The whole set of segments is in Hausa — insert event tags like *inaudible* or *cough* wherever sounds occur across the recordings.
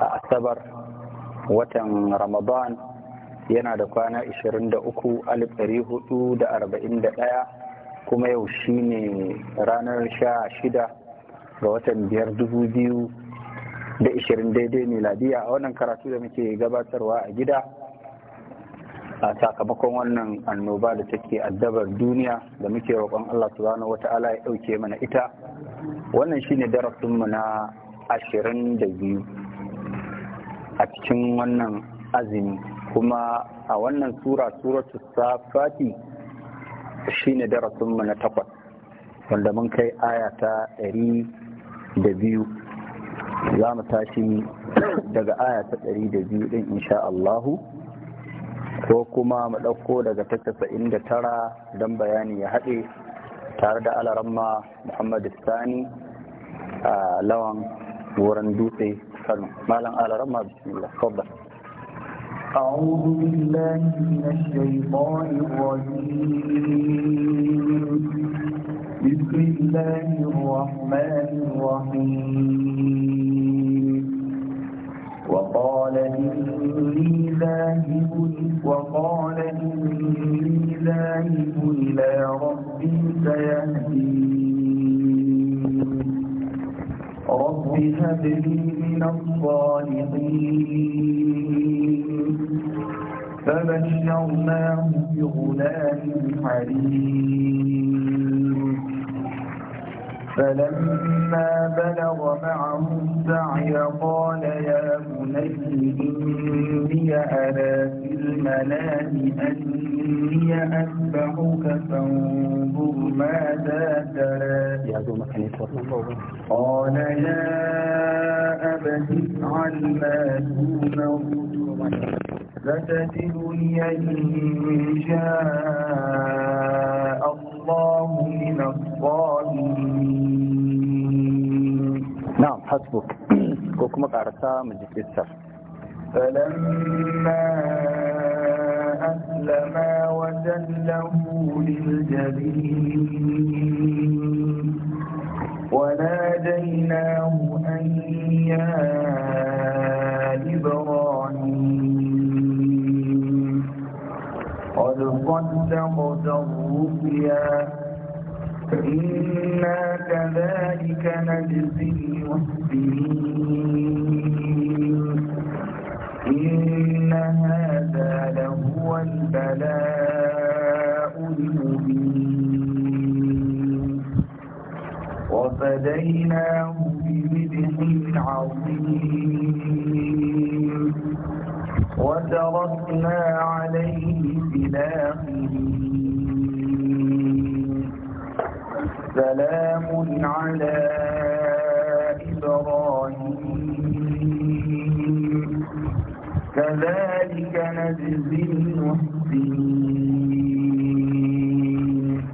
a asabar watan ramadan yana da kwana 23,441 kuma yau shi ne ranar 16 ga watan 5,000 da 20 daidai miladiya a wannan karatu da muke gabatarwa a gida a sakamakon wannan annoba da take addabar duniya da muke roƙon Allah subhanahu wata'ala ya ɗauke mana ita wannan shine darasinmu na ashirin biyu a cikin wannan azumi kuma a wannan sura suratu safati shine darasinmu na takwas wanda mun kai aya ta da biyu za mu tashi daga aya ta da biyu ɗin insha Allahu ko kuma mu ɗauko daga ta casa'in da tara don bayani ya haɗe tare da alaramma Muhammad Sani a lawan wurin dutse فالم ما لم قال رمى بسم الله تفضل أعوذ بالله من الشيطان الرجيم بسم الله الرحمن الرحيم وقال إني ذاهب وقال إني ذاهب إلى ربي سيهدين رب هب لي من الصالحين فبشرناه بغلام حليم فلما بلغ معه السعي قال يا بني إني أرى في المنام أني أذبحك فانظر ماذا ترى قال يا أبت افعل ما تؤمر فتجدني إن شاء الله من الظالمين نعم حسبك وكما قرأت من ذكر السر فلما أسلما وتله للجبين وناديناه أن يا إبراهيم قد صدقت الرؤيا إنا كذلك نجزي المحسنين إن هذا لهو البلاء المبين وفديناه بذبح عظيم وتركنا عليه في سلام على إبراهيم كذلك نجزي المحسنين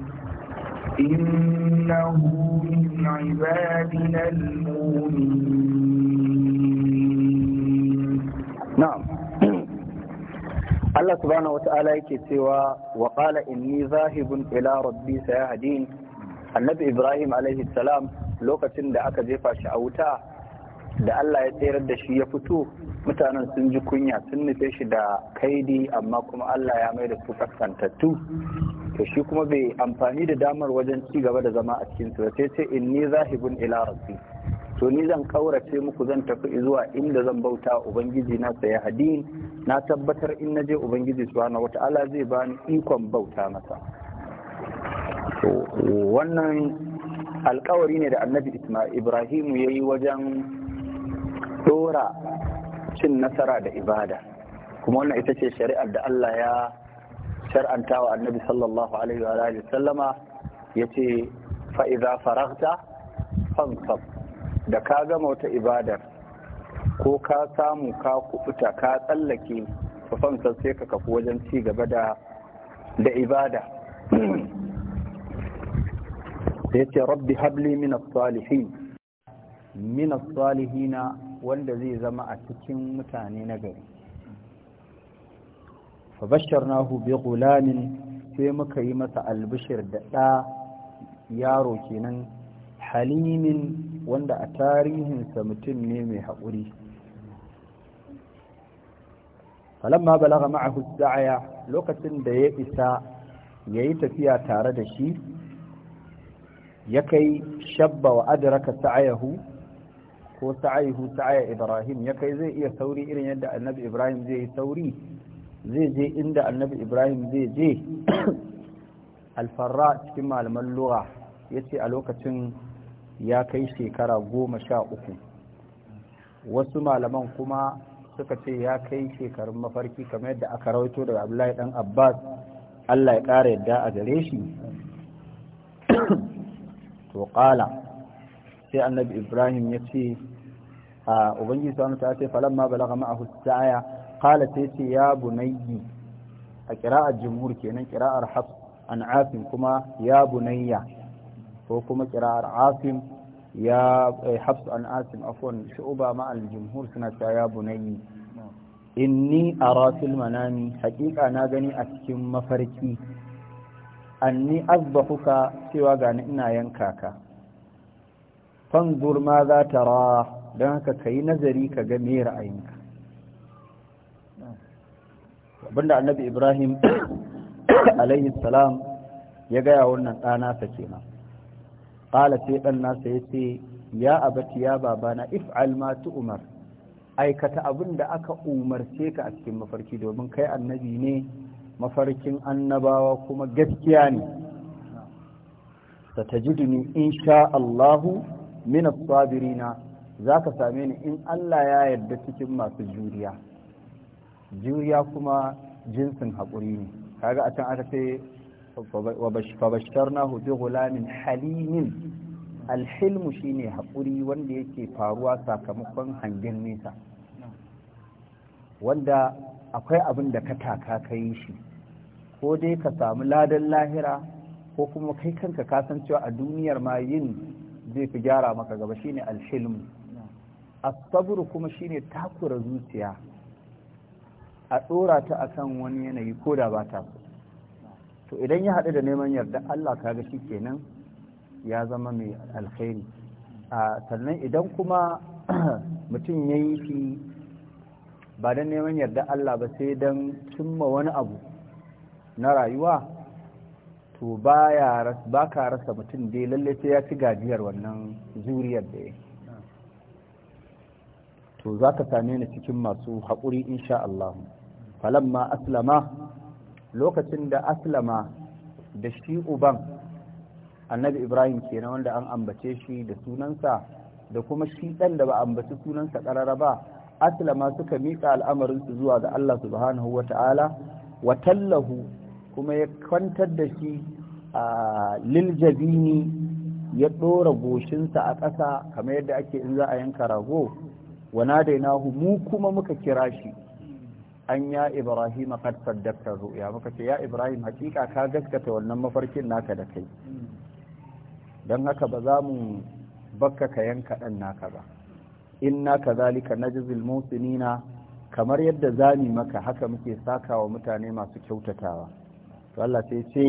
إنه من عبادنا المؤمنين نعم الله سبحانه وتعالى يكتوى وقال إني ذاهب إلى ربي سيهدين النبي إبراهيم عليه السلام لوكا تندعك جيفا شعوتا da Allah ya tsayar da shi ya fito mutanen sun ji kunya sun nufe shi da kaidi amma kuma Allah ya mai da su kaskantattu to shi kuma bai amfani da damar wajen ci gaba da zama a cikin su sai in inni zahibun ila rabbi to ni zan kaurace muku zan tafi zuwa inda zan bauta ubangiji na saya hadin na tabbatar in na je ubangiji subhanahu wata'ala zai bani ikon bauta masa wannan alkawari ne da annabi Ibrahim ya yi wajen dora cin nasara da ibada kuma wannan ita ce shari'ar da Allah ya shar'anta wa annabi sallallahu alaihi wa alihi sallama yace fa idza faraghta fansab da ka gama wata ibadar ko ka samu ka kubuta ka tsallake fa fansab sai ka kafu wajen ci gaba da da ibada *clears throat* yace rabbi habli min as-salihin min as-salihina wanda zai zama a cikin mutane na gari fabasharnahu bi gulamin sai muka yi masa albishir da ɗa yaro kenan halimin wanda a tarihinsa mutum ne mai haƙuri falamma balaga ma'ahu sa'aya lokacin da ya isa ya yi tafiya tare da shi ya kai shabba wa adraka sa'ayahu ko sa'aihu sa'aya ibrahim ya kai zai iya sauri irin yadda annabi ibrahim zai yi sauri zai je inda annabi ibrahim zai je *coughs* alfarra cikin malaman lura ya ce a lokacin ya kai shekara goma sha uku wasu malaman kuma suka ce ya kai shekarun mafarki kamar yadda aka rawaito daga abdullahi dan abbas allah ya ƙara yadda a gare shi *coughs* to ƙala sai annabi ibrahim ya ce a ubangiji ta ce falamma balagha ma'ahu sa'aya kala sai ce ya bunayi a qira'ar jumhur kenan kira'ar hafs an afim kuma ya bunayya ko kuma qira'ar afim ya eh, hafs an asim afwan shu'ba ma suna cewa ya bunayyi inni a fil manami haqiqa na gani a cikin mafarki anni azbahuka cewa gani ina yanka ka fanzur ma za ta ra don haka ka yi nazari ka ga me ra'ayinka abinda annabi ibrahim *coughs* alaihi salam ya gaya wannan ɗana sa ma. ƙala sai ɗan nasa ya ce ya abati ya babana if'al ma Umar, aikata abin da aka umarce ka a cikin mafarki domin kai annabi ne mafarkin annabawa kuma gaskiya ne إن شاء الله min as-sabirina zaka same ni in Allah ya yarda cikin masu juriya juriya kuma jinsin haƙuri ne kaga a can aka ce fa hu bi ghulamin halimin alhilmu shine haƙuri wanda yake faruwa sakamakon hangen nesa wanda akwai abin da ka taka ka shi ko dai ka samu ladan lahira ko kuma kai kanka kasancewa a duniyar ma yin zai fi gyara maka gaba shine alhilm asabru kuma shine takura zuciya a dora ta akan wani yanayi ko da ba ta to idan ya haɗu da neman yarda Allah kaga kenan ya zama mai alkhairi sannan idan kuma *clears throat* mutum ya yi shi ba don neman yarda Allah ba sai don cimma wani abu na rayuwa to ba ka rasa mutum dai lalle sai ya ci gajiyar wannan zuriyar da ya to za ka same ni cikin masu haƙuri insha Allah falamma aslama lokacin da aslama da shi uban annabi ibrahim kenan wanda an ambace shi da sunansa da kuma shi ɗan da ba ambaci sunansa ƙarara ba aslama suka miƙa al'amarinsu zuwa ga Allah subhanahu wa ta'ala wa tallahu kuma ya kwantar da shi a liljabini ya ɗora goshinsa a ƙasa kamar yadda ake in za a yanka rago wana dainahu mu kuma muka kira shi an ya ibrahim a ƙasar daktar ru'ya muka ce ya ibrahim hakika ka gaskata wannan mafarkin naka da kai don haka ba za mu bakka ka yanka ɗan naka ba inna kazalika najzil musinina kamar yadda zani maka haka muke sakawa mutane masu kyautatawa to Allah sai ce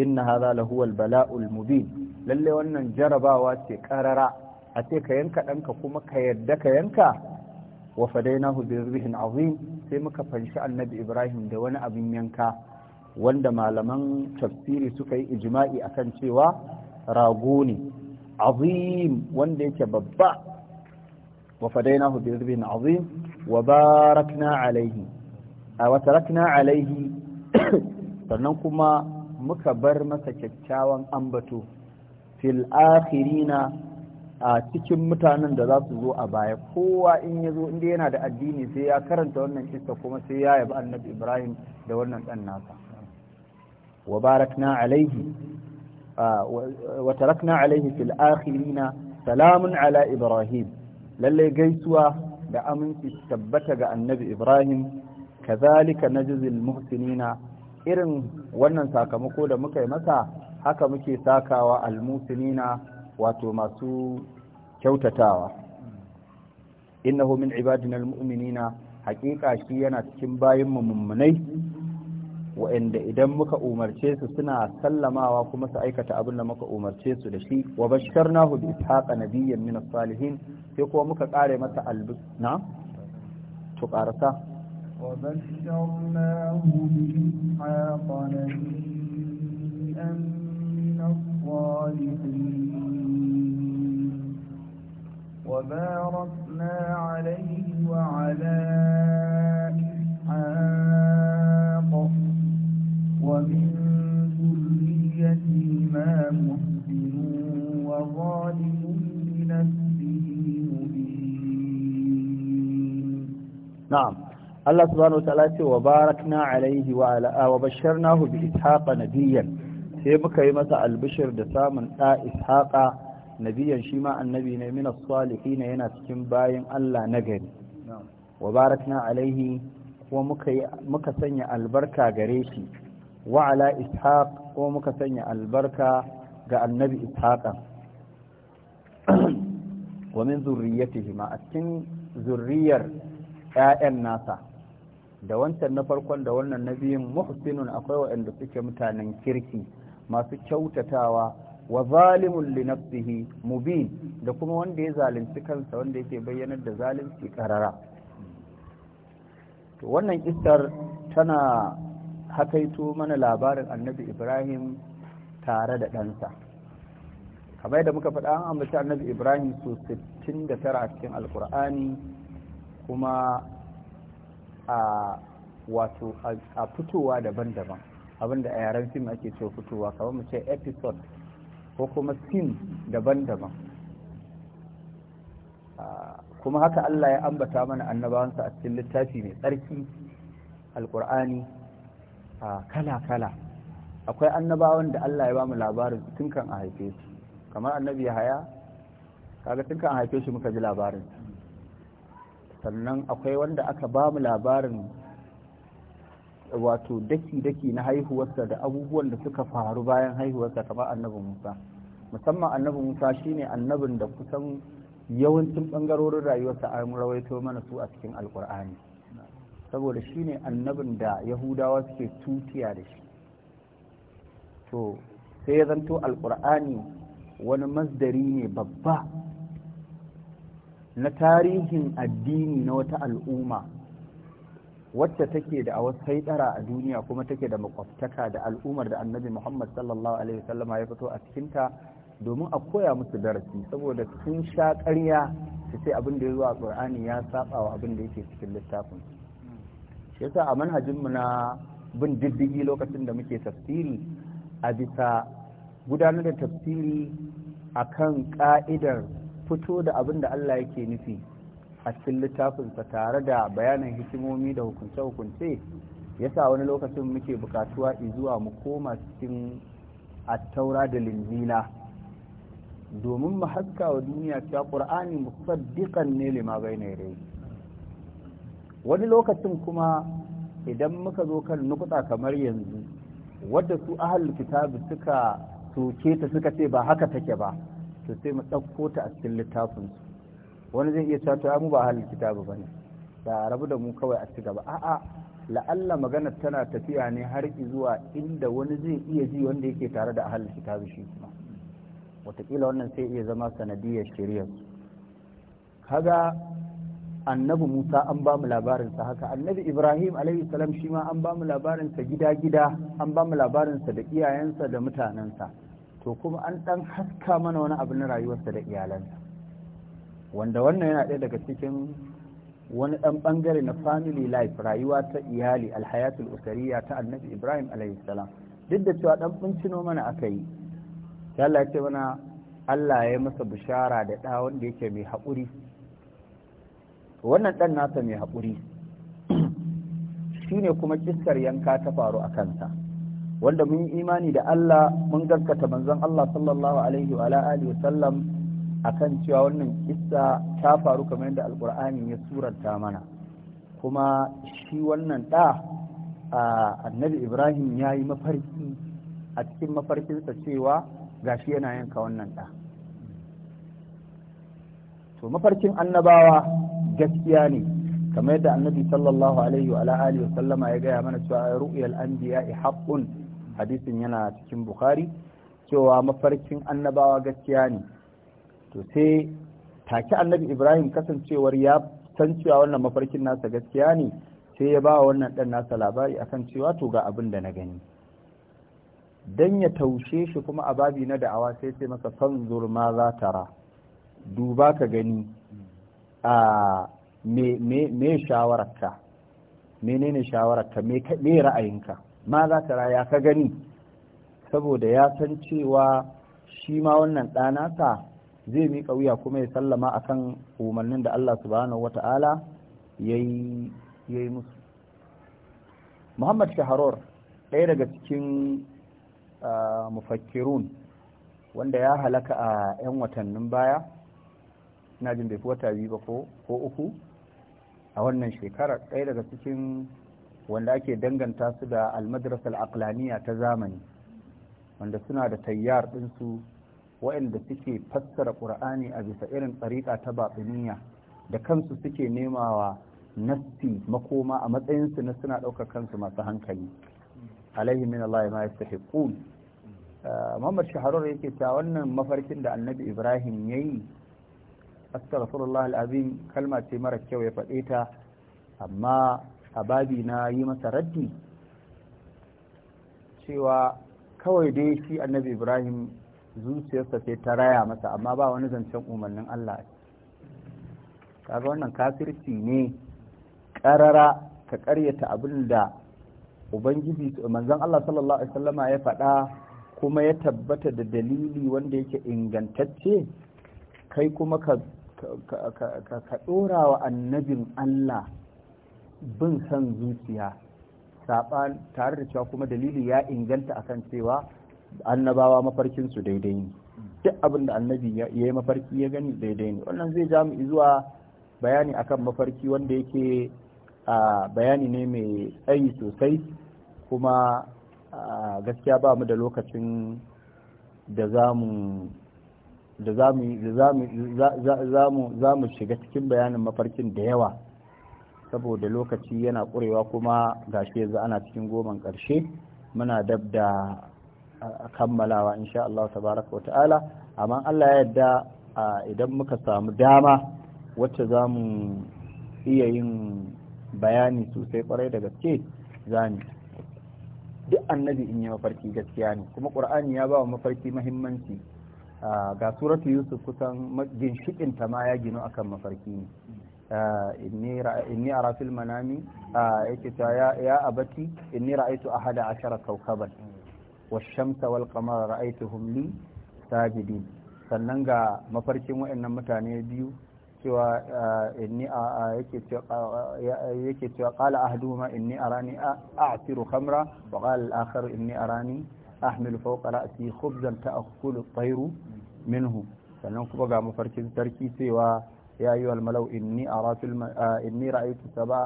inna hadha lahu al bala'ul mubin lalle wannan jarabawa ce karara a ce ka yanka danka kuma ka yadda ka yanka wa fadainahu bi azim sai muka fanshi annabi Ibrahim da wani abin yanka wanda malaman tafsiri suka yi ijma'i akan cewa rago ne azim wanda yake babba wa fadainahu bi zibhin azim wa barakna alaihi wa tarakna sannan kuma muka bar masa kyakkyawan ambato fil akhirina a cikin mutanen da za su zo a baya kowa in ya zo inda yana da addini sai ya karanta wannan kissa kuma sai ya yabi annabi ibrahim da wannan dan nasa wa barakna alaihi wa tarakna alaihi fil akhirina salamun ala ibrahim lalle gaisuwa da aminci tabbata ga annabi ibrahim kazalika najzil muhsinina irin wannan sakamako da muka yi masa haka muke sakawa almusinina wato masu kyautatawa innahu min ibadina almu'minina haƙiƙa shi yana cikin bayin mummunai wa'anda idan muka umarce su suna sallamawa kuma su aikata abin da muka umarce su da shi wa bashkarnahu bi ishaqa nabiyyan min as-salihin sai kuma muka kare masa albuna na to karasa وبشرناه بإسحاق نبيئا من الصالحين وباركنا عليه وعلى إسحاق ومن ذريتهما محسن وظالم لنفسه مبين نعم Allah subhanahu wa ta'ala ce wa barakna alaihi wa ala wa basharnahu bi ishaqa nabiyyan sai muka yi masa albishir da samun da ishaqa nabiyyan shi ma annabi ne min as-salihin yana cikin bayin Allah nagari wa barakna alaihi kuma muka muka sanya albarka gare shi wa ala ishaq kuma muka sanya albarka ga annabi ishaqa wa min zurriyyatihi a cikin zurriyar ƴaƴan nasa da wancan na farkon da wannan na biyun muhsinun akwai waɗanda suke mutanen kirki masu kyautatawa wa zalimun li nafsihi mubin da kuma wanda ya zalunci kansa wanda yake bayyanar da zalunci karara to wannan kissar tana hakaito mana labarin annabi Ibrahim tare da ɗansa kamar yadda muka faɗa an ambaci annabi Ibrahim su 69 a cikin alkur'ani kuma a a fitowa daban-daban abinda a yaren fim ake ce fitowa kamar mu ce episode ko kuma scene daban-daban kuma haka Allah ya ambata mana annabawansa a cikin littafi mai tsarki alkur'ani kala-kala akwai annabawan da Allah ya ba mu labarin tun kan a haife shi kamar annabi ya haya kaga tun kan a haife shi muka ji labarin sannan akwai wanda aka ba mu labarin wato daki-daki na haihuwarsa da abubuwan da suka faru bayan haihuwarsa kamar annabin musa musamman annabin musa shine annabin da kusan yawancin ɓangarorin rayuwarsa an rawaito mana su a cikin alkur'ani saboda shine annabin da yahudawa suke tutiya da shi to sai ya zanto alkur'ani wani masdari ne babba na tarihin addini na wata al'umma wacce take da a wasu haidara a duniya kuma take da makwabtaka da al'ummar da annabi muhammad sallallahu alaihi wasallama ya fito a cikinta domin a koya musu darasi saboda sun sha ƙarya su ce abin da ya zo a ƙur'ani ya saba wa abin da yake cikin littafin shi yasa a mu na bin diddigi lokacin da muke tafsiri a bisa gudanar da tafsiri akan ka'idar fito da abin da Allah yake nufi a cikin littafinsa tare da bayanin hikimomi da hukunce-hukunce yasa wani lokacin muke bukatuwa izuwa mu koma cikin attaura da linzila domin mu haska wa duniya cewa ƙur'ani musaddiqan ne lima bai wani lokacin kuma idan muka zo kan nukuta kamar yanzu wadda su ahal kitabi suka tuke ta suka ce ba haka take ba to sai mu ɗauko ta a cikin littafinsu wani zai iya cewa to mu ba halin kitabu ba ne da rabu da mu kawai a ci gaba a'a la'alla magana tana tafiya ne har zuwa inda wani zai iya ji wanda yake tare da ahalin kitabu shi kuma watakila wannan sai iya zama sanadiyar shirya kaga annabi musa an ba mu labarinsa haka annabi ibrahim alaihi salam shi ma an ba mu labarinsa gida-gida an ba mu labarinsa da iyayensa da mutanensa to kuma an ɗan haska mana wani abu rayuwarsa da iyalansa wanda wannan yana ɗaya daga cikin wani ɗan ɓangare na family life rayuwa ta iyali alhayatul usariya ta annabi ibrahim alaihissalam duk da cewa ɗan ɓuncino mana aka yi yalla ya ce mana Allah ya masa bishara da ɗa wanda yake mai haƙuri wannan ɗan nasa mai haƙuri *clears throat* shine kuma kiskar yanka ta faru a kansa wanda mun yi imani da Allah mun gaskata manzon Allah sallallahu alaihi wa alihi wa sallam akan cewa wannan kissa ta faru kamar yadda alqur'ani ya suranta mana kuma shi wannan da annabi Ibrahim ya yi mafarki a cikin mafarkinsa cewa gashi yana yanka wannan da to mafarkin annabawa gaskiya ne kamar yadda annabi sallallahu alaihi wa alihi sallama ya gaya mana cewa ru'yal anbiya'i haqqun hadisin yana cikin bukhari cewa mafarkin annabawa gaskiya ne to sai take annabi ibrahim kasancewar ya san cewa wannan mafarkin nasa gaskiya ne sai ya ba wannan dan nasa labari akan cewa to ga abin da na gani dan ya taushe shi kuma a babi na da'awa sai sai masa fanzur ma za tara duba ka gani a me me me shawararka menene shawararka me ra'ayinka ma za ta raya ka gani saboda ya san cewa shi ma wannan ɗanasa zai miƙa wuya kuma ya sallama a kan umarnin da Allah subhanahu wata'ala ya yi musu muhammad shaharar ɗaya daga cikin mufakkirun wanda ya halaka a 'yan watannin baya na jin bai fi wata biyu ba ko uku a wannan shekarar ɗaya daga cikin wanda ake danganta su da almadrasar aklaniya ta zamani wanda suna da tayyar ɗinsu waɗanda suke fassara ƙur'ani a bisa irin tsarika ta batsiniya da kansu suke nemawa nasti makoma a matsayinsu na suna ɗaukar kansu masu hankali alaihi min Allah ma yastahiqun ah, Muhammad yake ta wannan mafarkin da Annabi Ibrahim yayi astaghfirullah alazim kalma ce mara kyau ya faɗe ta amma a babi na yi masa raddi cewa kawai dai shi annabi ibrahim zuciyarsa sai ta raya masa amma ba wani zancen umarnin allah ga wannan kafirci ne karara ka karyata abin da ubangiji manzon allah sallallahu alaihi wasallama ya faɗa kuma ya tabbata da dalili wanda yake ingantacce kai kuma ka ɗora wa annabin allah bin san zuciya saɓan tare da cewa kuma dalili ya inganta a kan cewa annabawa mafarkinsu daidai ne duk abin da annabi ya yi mafarki ya gani daidai ne wannan zai ja mu zuwa bayani akan mafarki wanda yake bayani ne mai tsayi sosai kuma gaskiya ba mu da lokacin da da za mu shiga cikin bayanin mafarkin da yawa saboda lokaci yana ƙurewa kuma ga shi yanzu ana cikin goman ƙarshe muna dab da kammalawa insha Allah tabaraka wa ta'ala amma Allah ya yarda idan muka samu dama wacce za mu iya yin bayani sosai kwarai da gaske za mu duk annabi in yi mafarki gaskiya ne kuma ƙur'ani ya ba wa mafarki mahimmanci ga suratu yusuf kusan ta ma ya ginu akan mafarki ne inni ara fil manami yake ta ya abati inni ra'aitu ahada ashara kawkaban wash-shamsa wal qamara ra'aituhum li sajidin sannan ga mafarkin waɗannan mutane biyu cewa inni yake cewa qala ahaduhuma inni arani a'tiru kamra wa qala al-akhar inni arani ahmilu fawqa ra'si khubzan ta'kulu at-tayru minhu sannan kuma ga mafarkin sarki cewa يا أيها الملو إني, أرى في الم... آه إني رأيت سبع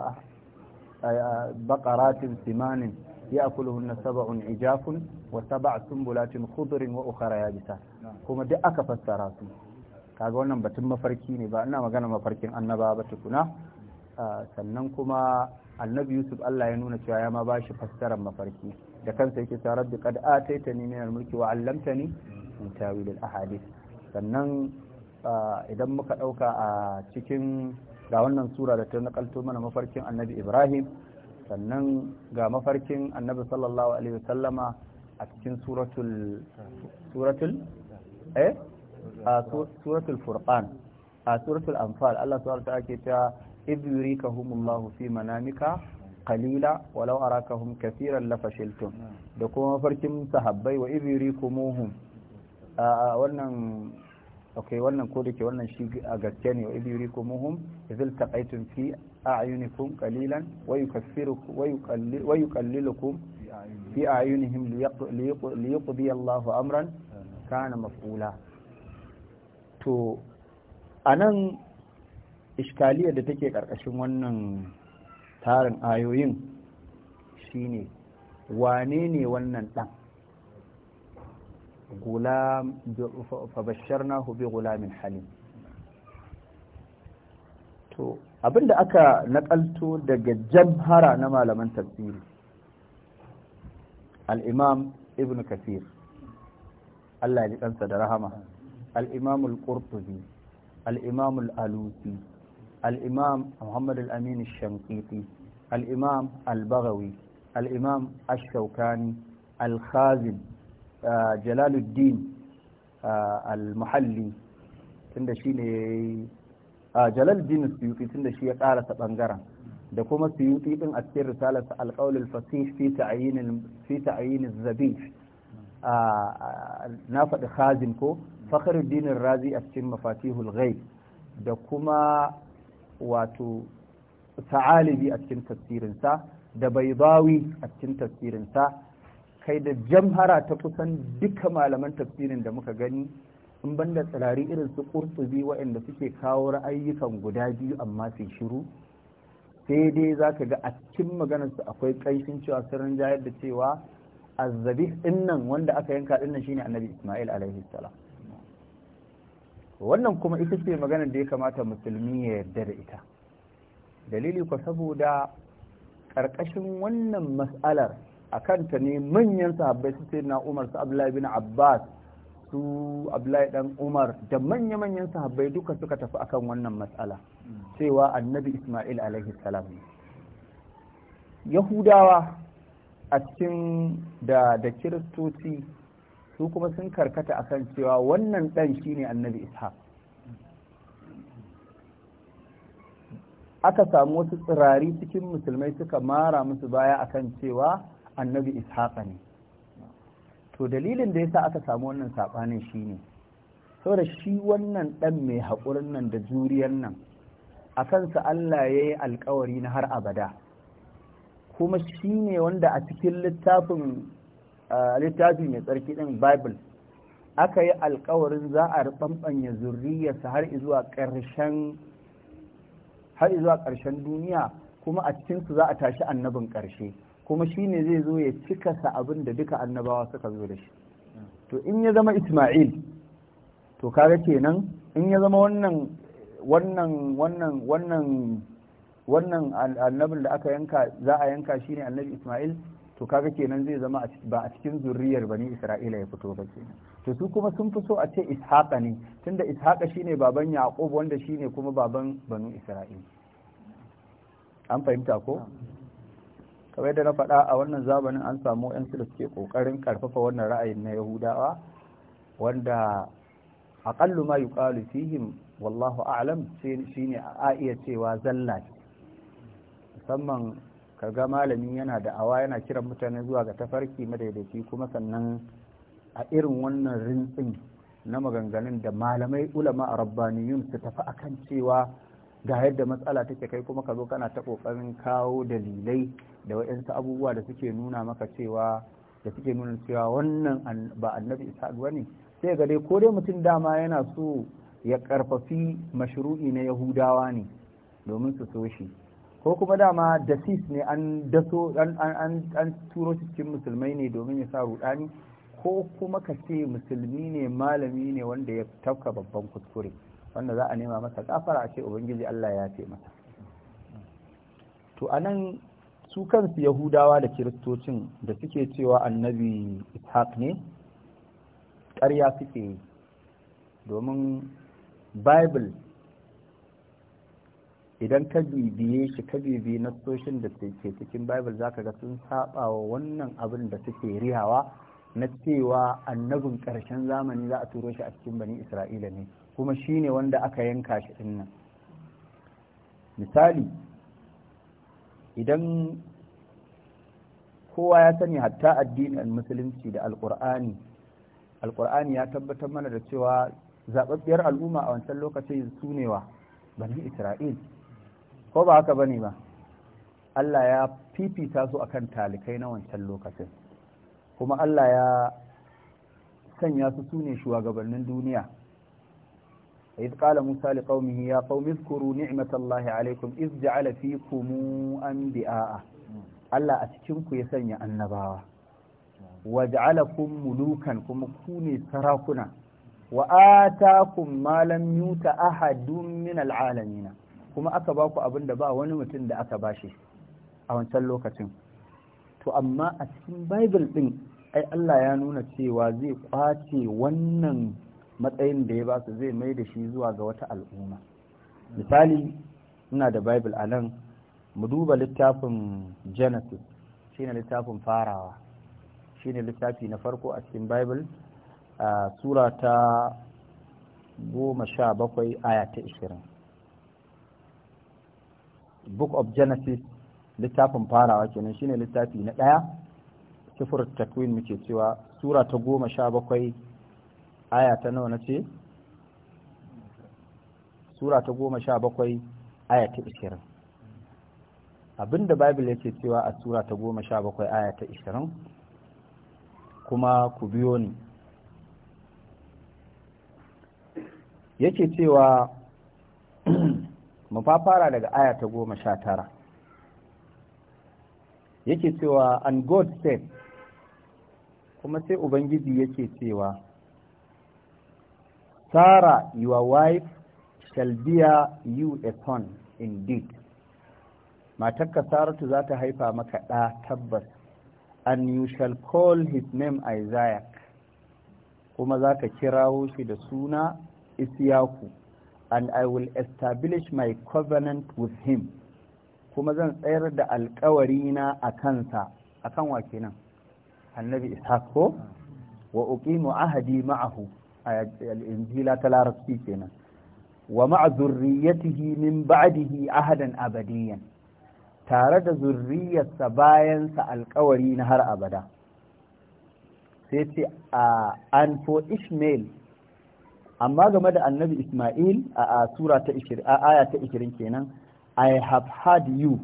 بقرات ثمان يأكلهن سبع عجاف وسبع سنبلات خضر وأخرى يابسات كما دعك فسراتهم kaga wannan batun mafarki ne ba ina magana mafarkin annaba ba tukuna sannan kuma annabi yusuf allah ya nuna cewa ya ma ba shi fassarar mafarki da kansa yake sa rabbi qad ataitani min al-mulki wa 'allamtani min tawil al-ahadith sannan idan muka ɗauka a cikin ga wannan sura da ta nakalto mana mafarkin annabi ibrahim sannan ga mafarkin annabi sallallahu alaihi wasallama a cikin suratul suratul eh a suratul furqan a suratul anfal Allah subhanahu wa ta'ala ke ta ka yurikahumullahu fi manamika qalila walau arakahum kaseeran lafashiltum da kuma mafarkin sahabbai wa kuma idh a wannan akwai wannan ko dake wannan shi a gaske ne wa ko muhum idh taqaytum fi a'yunikum qalilan wa yukaffiru wa yuqallilukum fi a'yunihim liyaqdi Allahu amran kana maf'ula to anan iskaliya da take karkashin wannan tarin ayoyin shine wane ne wannan dan gulam fabasharnahu bi gulamin halim to abinda aka nakalto daga jamhara na malaman tafsiri al-imam ibn kathir Allah ya kansa da rahama al-imam al-qurtubi al al-alusi al-imam muhammad al-amin al-shanqiti al-imam al-baghawi al-imam ash-shawkani al-khazin jalaluddin al-muhalli tunda shi ne jalaluddin suyuti tunda shi ya karasa bangaren da kuma suyuti din a cikin risalar alƙaulul fasih fi ta'yin fi ta'yin na faɗi khazin ko fakhruddin razi a cikin mafatihul ghaib da kuma wato sa'alibi a cikin tafsirinsa da baibawi a cikin tafsirinsa kai da jamhara ta kusan duka malaman tafsirin da muka gani in banda tsirari irin su ƙurtsubi waɗanda suke kawo ra'ayyukan guda biyu amma sai shiru sai dai za ka ga a cikin maganarsu akwai ƙanshin cewa sirrin jayar da cewa azzabi ɗin nan wanda aka yanka dinnan nan shine annabi ismail alaihi salam wannan kuma ita ce maganar da ya kamata musulmi ya yarda da ita dalili ko saboda ƙarƙashin wannan mas'alar a kanta ne manyan sahabbai su sai na umar su abdullahi bin abbas su abdullahi dan umar da manya manyan sahabbai duka suka tafi akan wannan matsala cewa annabi isma'il alaihi salam yahudawa a cikin da da kiristoci su kuma sun karkata akan cewa wannan dan shine annabi Isha. aka samu wasu tsirari cikin musulmai suka mara musu baya akan cewa annabi ishaqa ne to dalilin da yasa aka samu wannan sabanin shine saboda shi wannan dan mai haƙurin nan da juriyar nan a kansa Allah ya yi alkawari na har abada kuma shine wanda a cikin littafin littafi mai tsarki ɗin bible aka yi alkawarin za a ɓanɓanya zurriyarsa har zuwa ƙarshen har zuwa ƙarshen duniya kuma a cikinsu za a tashi annabin ƙarshe kuma shi ne zai zo ya cika sa abin da duka annabawa suka zo da shi to in ya zama isma'il to kaga kenan in ya zama wannan wannan wannan wannan wannan annabin da aka yanka za a yanka shine annabi isma'il to kaga kenan zai zama ba a cikin zuriyar bani isra'ila ya fito ba kenan to su kuma sun fi so a ce ishaqa ne tunda ishaqa shine baban yaqub wanda shine kuma baban banu Isra'il an fahimta ko kamar da na faɗa a wannan zamanin an samu yan da suke kokarin karfafa wannan ra'ayin na yahudawa wanda ƙallu ma yi yuqalu fihim wallahu a'lam shine a iya cewa zalla musamman ka ga malami yana da awa yana kiran mutane zuwa ga tafarki madaidaici kuma sannan a irin wannan rintsin na maganganun da malamai ulama a rabbaniyun su tafi akan cewa ga yadda matsala take kai kuma ka zo kana ta kokarin kawo dalilai da wa'yansu abubuwa da suke nuna maka cewa da suke nuna cewa wannan ba annabi isa ne? sai ga dai ko dai mutum dama yana so ya karfafi mashru'i na yahudawa ne domin su so shi ko kuma dama dasis ne an daso an turo cikin musulmai ne domin ya sa rudani ko kuma ka ce musulmi ne malami ne wanda ya tafka babban kuskure wanda za a nema masa kafara a ce ubangiji Allah ya ce masa to anan su kansu yahudawa da kiristocin da suke cewa annabi ishaq ne ƙarya suke domin bible idan ka bibiye shi ka bibiye soshin da ke cikin bible zaka ga sun saba wa wannan abin da suke rihawa na cewa annabin ƙarshen zamani za a turo shi a cikin bani isra'ila ne kuma shi ne wanda aka yanka shi ɗin nan misali idan kowa ya sani hatta addinin musulunci da Al-Ƙur'ani ya tabbatar mana da cewa zababbiyar al'umma a wancan lokacin su ne wa bani isra'il ko ba haka bane ba Allah ya fifita su a kan talikai na wancan lokacin kuma Allah ya sanya su su ne shugabannin duniya إذ قال موسى لقومه يا قوم اذكروا نعمة الله عليكم إذ جعل فيكم أنبياء ألا أتكنكم يسني النباوة وجعلكم ملوكا كم كوني سراكنا وآتاكم ما لم يوت أحد من العالمين كما أكباكم أبن دباء ونمتن دا أكباشي أو أنسان لوكتن to amma a cikin bible din ai Allah ya nuna cewa zai kwace wannan matsayin da ya ba su zai mai da shi zuwa ga wata al'umma misali ina da bible a nan mu duba littafin genesis shine littafin farawa shine littafi na farko a cikin bible a sura ta goma sha bakwai aya ta ishirin book of genesis littafin farawa kenan shine littafi na ɗaya sifir takwin muke cewa sura ta goma sha bakwai aya ta nawa na ce sura ta goma sha bakwai aya ta ishirin abinda bible yake cewa a sura ta goma sha bakwai aya ta ishirin kuma ku biyo ni yake cewa *clears throat* mu fara daga aya ta goma sha tara yake cewa and god said kuma sai ubangiji yake cewa Sarah, your wife, shall bear you a son indeed. Matarka Saratu za ta haifa maka ɗa tabbas, and you shall call his name Isaac, kuma za ka kirawo shi da suna Isiyaku, and I will establish my covenant with him, kuma zan tsayar da alkawarina a kansa, a kan wa kenan, annabi Ishaq ko, wa uqimu ahadi ma'ahu. al-injila ta larabci kenan wa ma'a zurriyatihi min ba'dihi ahadan abadiyan tare da zurriyarsa bayansa alkawari na har abada sai ce a an fo ismail. amma game da annabi ismail a sura ta aya ta 20 kenan i have had you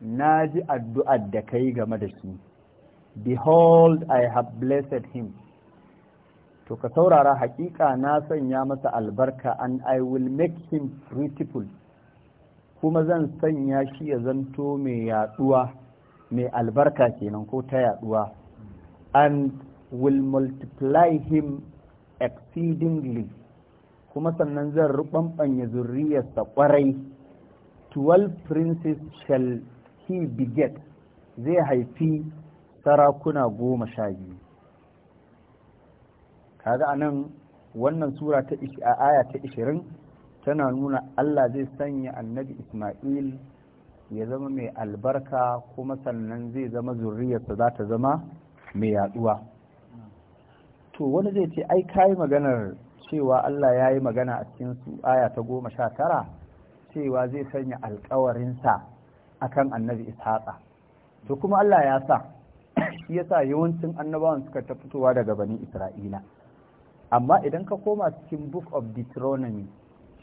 na ji addu'ar da kai game da shi behold i have blessed him to ka saurara hakika na sanya masa albarka and I will make him fruitful kuma zan sanya shi ya zanto mai yaduwa mai albarka kenan ko ta yaduwa and will multiply him exceedingly kuma sannan zan ruɓanɓanya zurriyarsa kwarai twelve princes shall he beget zai haifi sarakuna goma sha biyu kaga anan wannan sura ta aya ta 20 tana nuna Allah zai sanya annabi Ismail ya zama mai albarka kuma sannan zai zama zurriyarsa za ta zama mai yaduwa to wani zai ce ai kayi maganar cewa Allah ya yi magana a cikin su aya ta goma sha tara cewa zai sanya alkawarinsa akan annabi ishaqa to kuma Allah ya sa shi yasa yawancin annabawan suka ta fitowa daga bani isra'ila amma idan ka koma cikin book of deuteronomy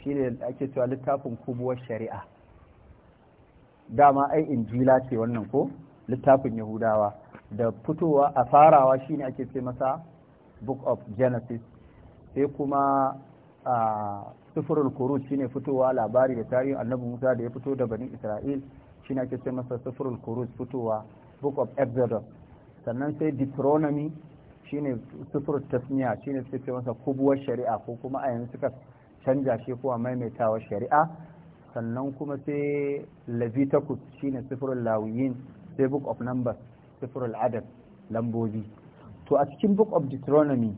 shi ne ake cewa littafin kubuwar shari'a dama ai injila ce wannan ko littafin yahudawa da fitowa a farawa shi ne ake ce masa book of genesis sai kuma a kurus shi ne fitowa labari da tarihin annabi musa da ya fito da banin isra'il ne ake ce masa sufurin kurus fitowa book of exodus sannan sai deuteronomy shine sufur tasniya shine suka ce masa kubuwar shari'a ko kuma a yanzu suka canja shi ko maimaitawar shari'a sannan kuma sai leviticus shine sufurul lawiyin sai book of numbers sufurul adad lambobi to a cikin book of deuteronomy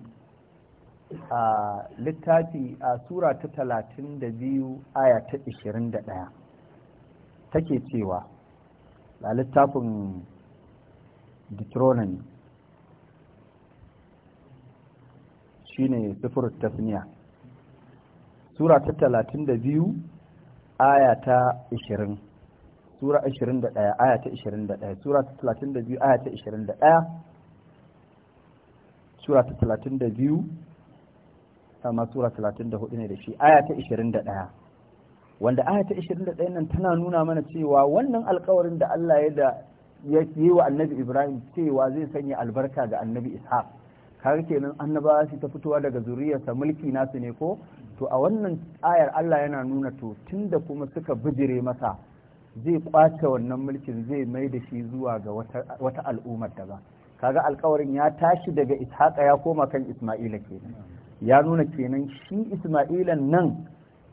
a littafi a sura ta talatin da biyu aya ta ishirin da ɗaya take cewa a littafin deuteronomy shine sifir tasniya sura ta talatin da biyu aya ta ishirin sura ishirin da ɗaya aya ta ishirin da ɗaya sura ta talatin da biyu aya ta ishirin da ɗaya sura ta talatin da biyu amma sura talatin da hudu ne da shi aya ta ishirin da ɗaya wanda aya ta ishirin da ɗaya nan tana nuna mana cewa wannan alkawarin da Allah ya da ya yi wa annabi Ibrahim cewa zai sanya albarka ga annabi Ishaq kaga kenan annaba su ta fitowa daga zuriyarsa mulki nasu ne ko to a wannan ayar Allah yana nuna to tunda kuma suka bijire masa zai kwace wannan mulkin zai mai da shi zuwa ga wata al'ummar daban kaga alkawarin ya tashi daga ishaqa ya koma kan isma'ila kenan ya nuna kenan shi isma'ilan nan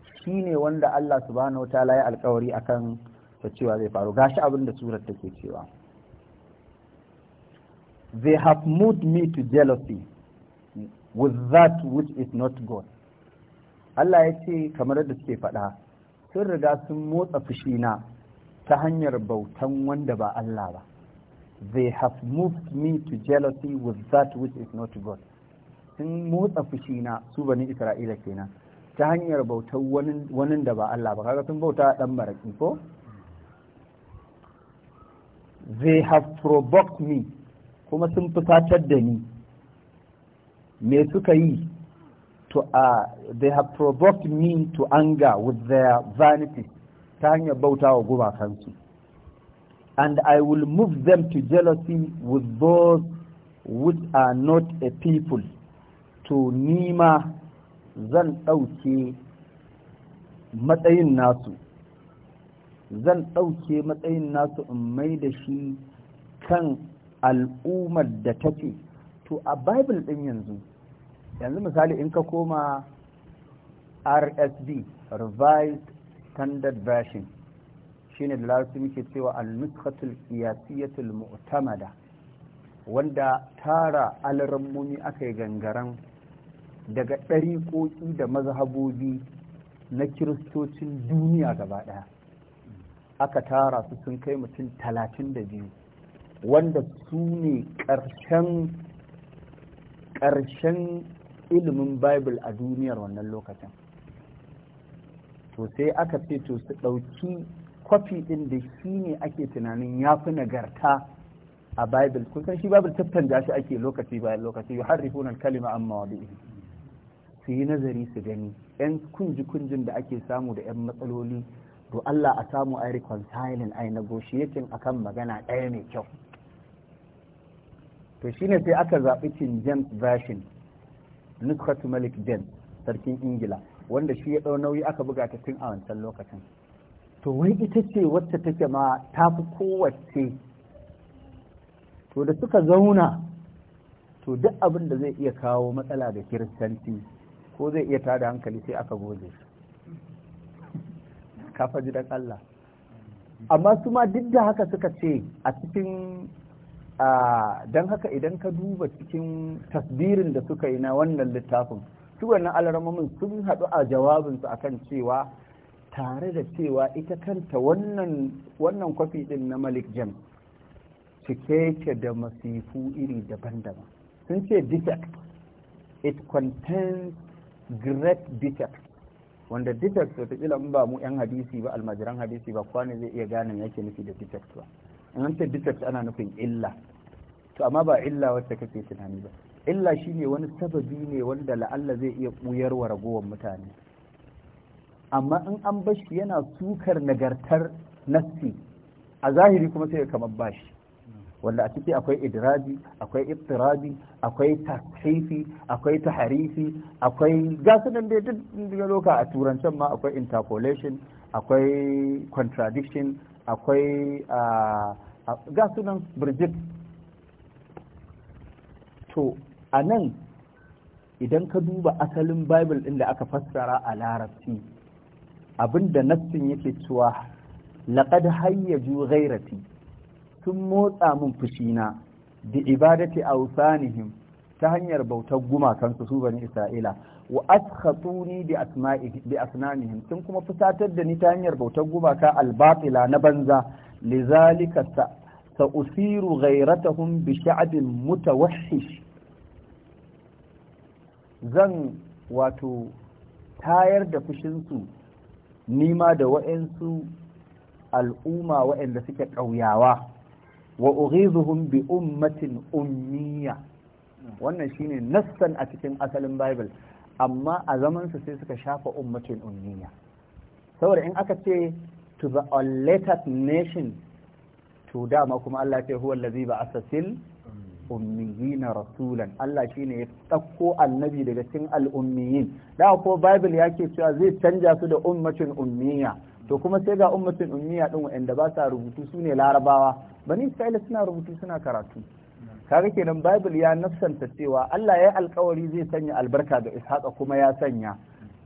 shi shine wanda Allah subhanahu wataala ya alkawari akan cewa zai faru gashi abin da surar take cewa they have moved me to jealousy with that which is not God. Allah ya ce kamar da suke faɗa sun riga sun motsa fushina ta hanyar bautan wanda ba Allah ba. They have moved me to jealousy with that which is not God. Sun motsa fushina su bani Isra'ila kenan ta hanyar bautan wani da ba Allah ba. Kaga sun bauta ɗan maraƙi ko? They have provoked me kuma sun fusatar da ni me suka yi to uh, they have provoked me to anger with their vanity ta hanyar bauta wa gumakansu and I will move them to jealousy with those which are not a people to nima zan ɗauke matsayin nasu zan ɗauke matsayin nasu in mai da shi kan al'ummar da take to a bible din yanzu yanzu misali in ka koma rsb revised standard version shine da larabci muke cewa al-nuskatul qiyasiyatul mu'tamada wanda tara alrammomi aka yi gangaran daga ɗariƙoƙi da mazhabobi na kiristocin duniya gaba ɗaya aka tara su sun kai mutum talatin da biyu wanda su ne ƙarshen ilimin bible a duniyar wannan lokacin to sai aka ce to su ɗauki kwafi ɗin da shi ne ake tunanin ya fi nagarta a bible kusan shi bible tattan shi ake lokaci bayan lokaci yi harrifuna kalima amma wadi su yi nazari su gani yan kunji kunjin da ake samu da yan matsaloli to Allah a samu a ai reconciling ai negotiating kan magana ɗaya mai kyau to shine sai aka zaɓi King James version Nuskhatu Malik James sarkin Ingila wanda shi ya ɗau nauyi aka buga ta tun a wancan lokacin to wai ita ce wacce take ma ta fi kowace to da suka zauna to duk abin da zai iya kawo matsala da kiristanci ko zai iya tada hankali sai aka goje kafa ji da Allah amma su ma duk da haka suka ce a cikin don haka idan ka duba cikin tasbirin da suka yi na wannan littafin su wannan sun haɗu a jawabinsu akan cewa tare da cewa ita kanta wannan kwafi ɗin na malik jam cike yake da masifu iri daban-daban sun ce defect it contains great defect wanda defect wataƙila in ba mu 'yan hadisi ba almajiran hadisi ba kwani zai iya gane yake nufi da defect ba an ce defect ana nufin illa to amma ba illa wacce kake tunani ba illa shine wani sababi ne wanda la'alla zai iya buyar wa ragowar mutane amma in an bashi yana sukar nagartar nassi a zahiri kuma sai kamar bashi wanda a ciki akwai idrabi akwai iftiradi akwai tahrifi akwai taharifi akwai gasu da dai duk loka a turancen ma akwai interpolation akwai contradiction akwai ga sunan birjik to a nan idan ka duba asalin bible ɗin da aka fassara a larabci abinda nassin yake cewa laqad hayyaju ghairati sun motsa min fushina da ibadati ausanihim ta hanyar bautar gumakansu su bani isra'ila wa askhatuni bi asma'i bi asnanihim sun kuma fusatar da ni ta hanyar bautar gumaka albatila na banza lizalika sa usiru ghairatahum bi sha'bin mutawahhish zan wato tayar da fushin su nima da wa'ansu al'umma wa'anda suke ƙauyawa wa ughizuhum bi ummatin ummiya wannan shine nassan a cikin asalin bible amma a zamansa sai suka shafa ummatin ummiya saboda in aka ce to the unlettered nation to dama kuma Allah ce huwa allazi ba'atha ummiyina rasulan Allah shine ya dauko annabi daga cikin al'ummiyin da ko bible yake cewa zai canja su da ummatin ummiya to kuma sai ga ummatin ummiya din wanda ba sa rubutu sune larabawa bani isra'ila suna rubutu suna karatu kaga kenan bible ya nafsanta cewa Allah ya alkawari zai sanya albarka ga ishaqa kuma ya sanya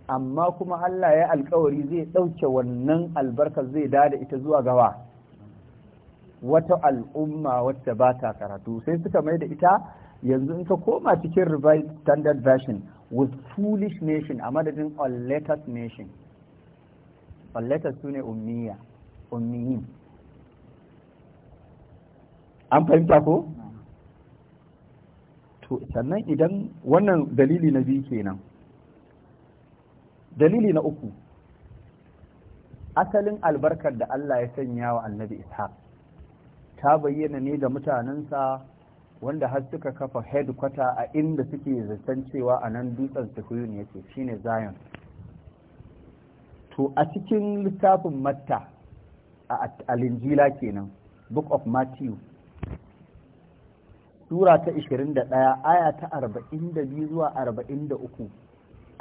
amma kuma Allah ya alkawari zai ɗauke wannan albarka zai dada ita zuwa gawa wata al'umma wacce ba ta karatu sai suka mai da ita yanzu in ka koma cikin revised standard version with foolish nation a madadin unlettered nation unlettered su ne ummiya ummiyin an fahimta ko to sannan idan wannan dalili na biyu kenan dalili na uku asalin albarkar da Allah ya sanya wa annabi ishaq ta bayyana ne ga mutanensa wanda har suka kafa headquarter a inda suke zaton cewa a nan dutsen sukuyun yake shine zion to a cikin littafin matta a alinjila kenan book of matthew sura ta 21 aya ta 42 zuwa 43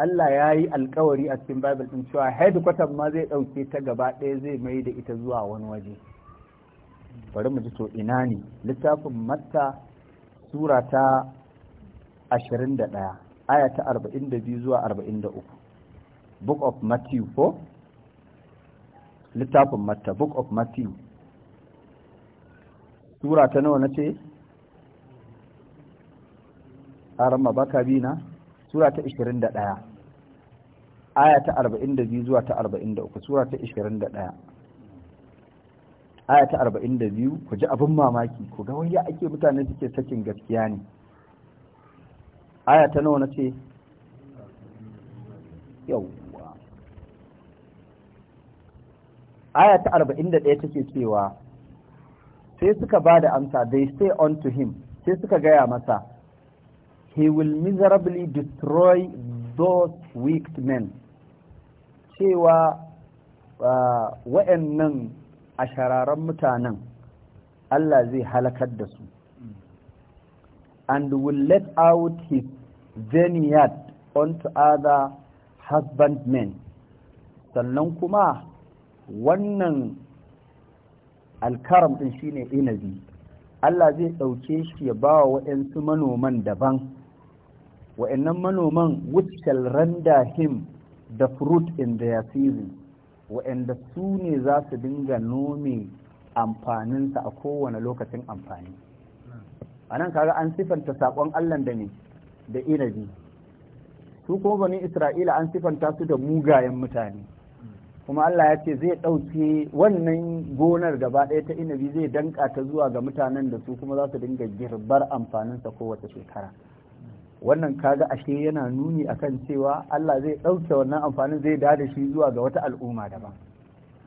Allah ya yi alkawari a cikin Bible ɗin cewa headquarter ma zai ɗauke ta gaba ɗaya zai mai da ita zuwa wani waje. Bari mu ji to ina ne littafin Matta Sura ta 21 aya ta 42 zuwa 43 Book of Matthew ko? Littafin Matta Book of Matthew Sura ta nawa na ce? tsarin mabaka na? sura ta 21 aya ta 42 zuwa ta 43 sura ta 21 aya ta 42 ku ji abin mamaki ku ga wani ake mutane suke sakin gaskiya ne aya ta nawa na ce yawwa aya ta 41 take cewa sai suka ba da amsa they stay on to him sai suka gaya masa he will miserably destroy those weak men cewa uh, wa'annan a shararan mutanen Allah zai halakar da su and will let out his vineyard onto other men sannan kuma wannan alkaram din shine inabi Allah zai ɗauke shi ya ba wa waɗansu manoman daban wa'annan manoman wuccal randa him da fruit in their season wa'anda su ne za su dinga nome amfaninsa a kowane lokacin amfani a nan kaga an sifanta saƙon allan da ne da inabi su kuma bani isra'ila an sifanta su da mugayen mutane kuma allah ya ce zai ɗauke wannan gonar gaba ɗaya ta inabi zai danka ta zuwa ga mutanen da su kuma za su dinga girbar amfaninsa kowace shekara wannan kaga ashe yana nuni akan cewa Allah zai ɗauke wannan amfanin zai da shi zuwa ga wata al'umma daban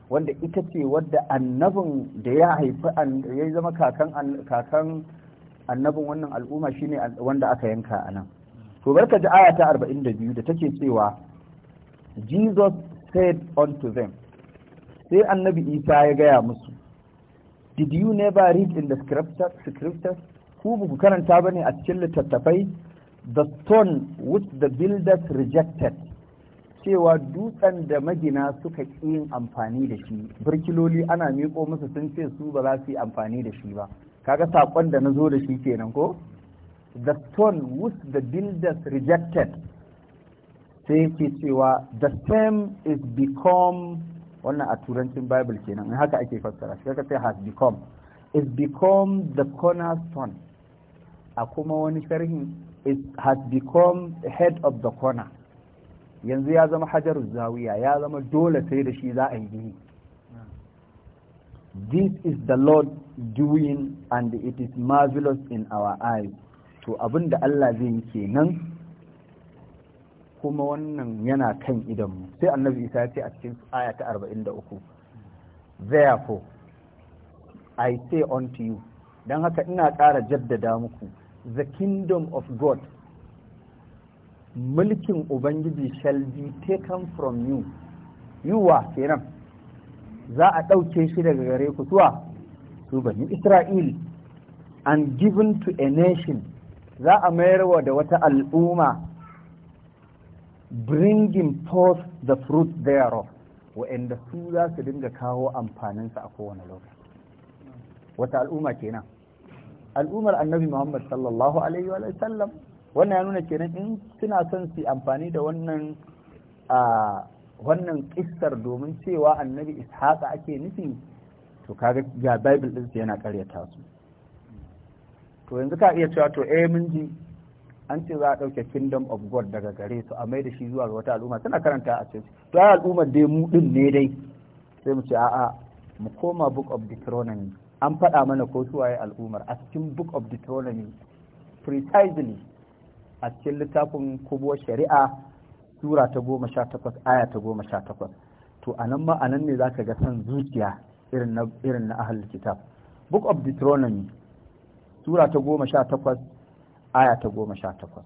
wanda ita ce wadda annabin da ya haifi ya zama kakan kakan annabin wannan al'umma shine wanda aka yanka anan. nan to barka ji aya ta 42 da take cewa Jesus said unto them sai annabi Isa ya gaya musu did you never read in the scriptures ku buku karanta bane a cikin littattafai the stone which the builders rejected cewa dutsen da magina suka ƙi yin amfani da shi birkiloli ana miƙo musu sun ce su ba za su yi amfani da shi ba kaga saƙon da na zo da shi kenan ko the stone which the builders rejected sai yake cewa the same is become wannan a turancin bible kenan in haka ake fassara shi kaga sai has become is become the cornerstone a kuma wani sharhin it has become head of the corner yanzu ya zama hajar zawiya ya zama dole sai da shi za a yi gini this is the lord doing and it is marvelous in our eyes to abin da Allah zai yi kenan kuma wannan yana kan idanmu sai annabi isa ya ce a cikin aya ta 43 therefore i say unto you don haka ina ƙara jaddada muku the kingdom of God mulkin Ubangiji shall be taken from you yiwa kenan za a ɗauke shi daga gare ku zuwa su bani Isra'il and given to a nation za a mayarwa da wata al'umma bringing forth the fruit thereof wa'anda su za su dinga kawo amfaninsa a kowane lokaci wata al'umma kenan al'ummar annabi Muhammad sallallahu alaihi wa sallam wannan ya nuna kenan in suna son su amfani da wannan a wannan kissar domin cewa annabi ishaqa ake nufi to kaga ga bible din su yana karyata su to yanzu ka iya cewa to eh mun ji an ce za a ɗauke kingdom of god daga gare su a mai da shi zuwa ga wata al'umma suna karanta a cikin to ai al'ummar dai mu din ne dai sai mu ce a'a mu koma book of the deuteronomy an faɗa mana ko waye al'umar a cikin book of deuteronomy precisely a cikin littafin kubuwar shari'a sura ta goma sha takwas aya ta goma sha takwas to a nan ma a nan ne za ka ga son zuciya irin na ahal kitab book of deuteronomy sura ta goma sha takwas aya ta goma sha takwas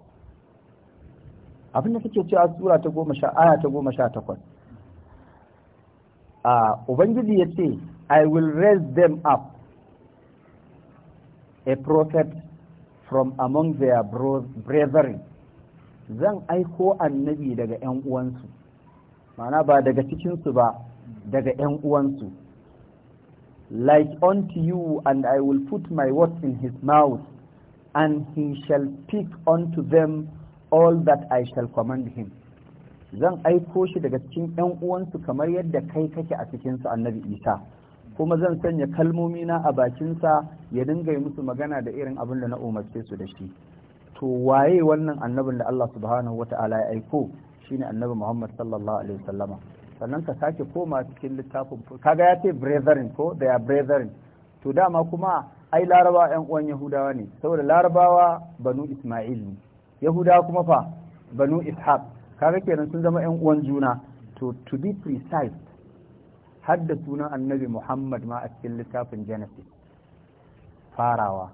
abin da kake cewa sura ta goma sha aya ta goma sha takwas a ah, ubangiji ya ce i will raise them up a prophet from among their brethren zan aiko annabi daga 'yan uwansu mana ba daga cikinsu ba daga 'yan uwansu like unto you and I will put my words in his mouth and he shall speak unto them all that I shall command him zan aiko shi daga cikin 'yan uwansu kamar yadda kai kake a cikinsu annabi isa kuma zan sanya kalmomi na a bakinsa ya dinga yi musu magana da irin abin da na umarce su da shi to waye wannan annabin da Allah subhanahu wata'ala ya aiko shine annabi Muhammad sallallahu alaihi wasallama sannan ka sake koma cikin littafin kaga ya ce brethren ko they are brethren to dama kuma ai laraba yan uwan yahudawa ne saboda larabawa banu isma'il ne yahudawa kuma fa banu ishaq kaga kenan sun zama yan uwan juna to to be precise har da sunan annabi muhammad ma a cikin littafin genesis farawa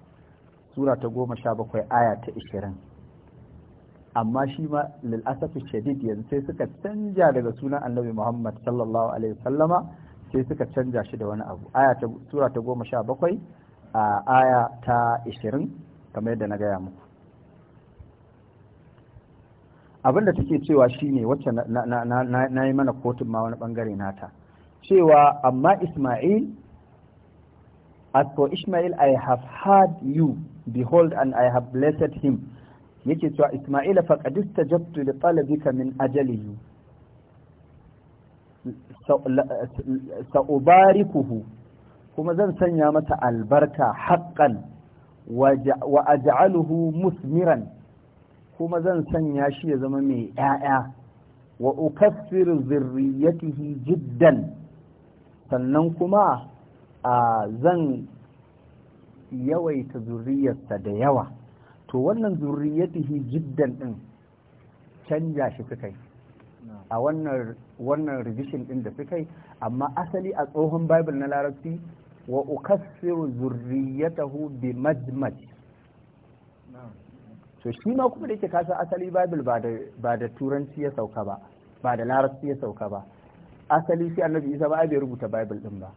sura ta goma sha bakwai aya ta ishirin amma shi ma lil'asafi shadid yanzu sai suka canja daga sunan annabi muhammad sallallahu alaihi sallama sai suka canja shi da wani abu aya ta sura ta goma sha bakwai a aya ta ishirin kamar yadda na gaya muku abinda take cewa shine wacce na yi mana kotun ma wani bangare nata cewa amma Ismail as for Isma'il I have heard you behold and I have blessed him yake cewa Ismaila faqad istajabtu li talabika min ajalihi sa'ubarikuhu kuma zan sanya mata albarka haƙƙan wa aj'aluhu musmiran kuma zan sanya shi ya zama mai ‘ya'ya wa ukaffiru zirriyatihi jiddan sannan kuma a zan yawaita zurriyarsa da yawa to wannan zurriyatihi jiddan ɗin canja shi suka yi a wannan wannan ɗin da suka yi amma asali a tsohon bible na larabci wa ukassiru zurriyatahu bi majmaj to shi ma kuma da yake kasa asali bible ba da turanci ya sauka ba ba da larabci ya sauka ba asali sai annabi isa ba bai rubuta bible din ba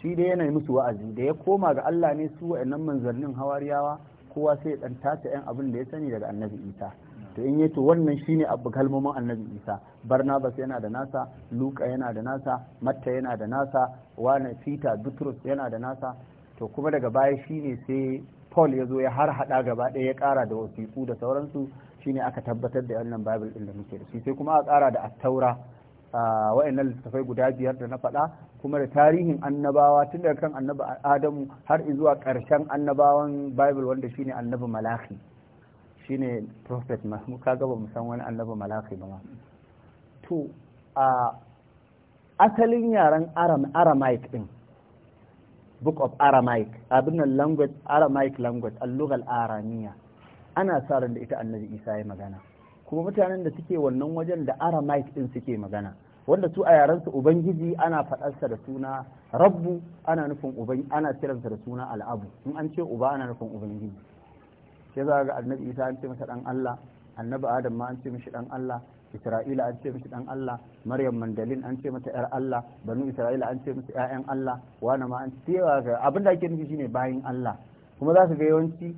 shi dai yana musu wa'azi da ya koma ga Allah ne su wa'annan manzannin hawariyawa kowa sai dan tace yan abin da ya sani daga annabi isa to in yato wannan shine abu kalmomin annabi isa barnabas yana da nasa luka yana da nasa matta yana da nasa wani peter bitrus yana da nasa to kuma daga baya shine sai paul ya zo ya har hada gaba ɗaya ya ƙara da wasiƙu da sauransu shine aka tabbatar da wannan bible din da muke da shi sai kuma a kara da attaura wa'annan littattafai guda biyar da na faɗa kuma da tarihin annabawa tun daga kan annabi adamu har zuwa ƙarshen annabawan bible wanda shine annabi malaki shine prophet mahmud kaga ba mu san wani annabi malaki ba ma to a asalin yaren aramaic din book of aramaic abin language aramaic language allugal aramiya ana sa da ita annabi isa ya magana kuma mutanen da suke wannan wajen da aramaic din suke magana wanda su a su ubangiji ana faɗarsa da suna rabbu ana nufin uban ana kiransa da suna al'abu in an ce uba ana nufin ubangiji sai za ga annabi isa an ce masa dan allah annabi adam ma an ce mishi dan allah isra'ila an ce mishi dan allah maryam mandalin an ce mata yar allah banu isra'ila an ce musu ƴaƴan allah wani ma an ce ga abin da ake nufi shine bayin allah kuma za su ga yawanci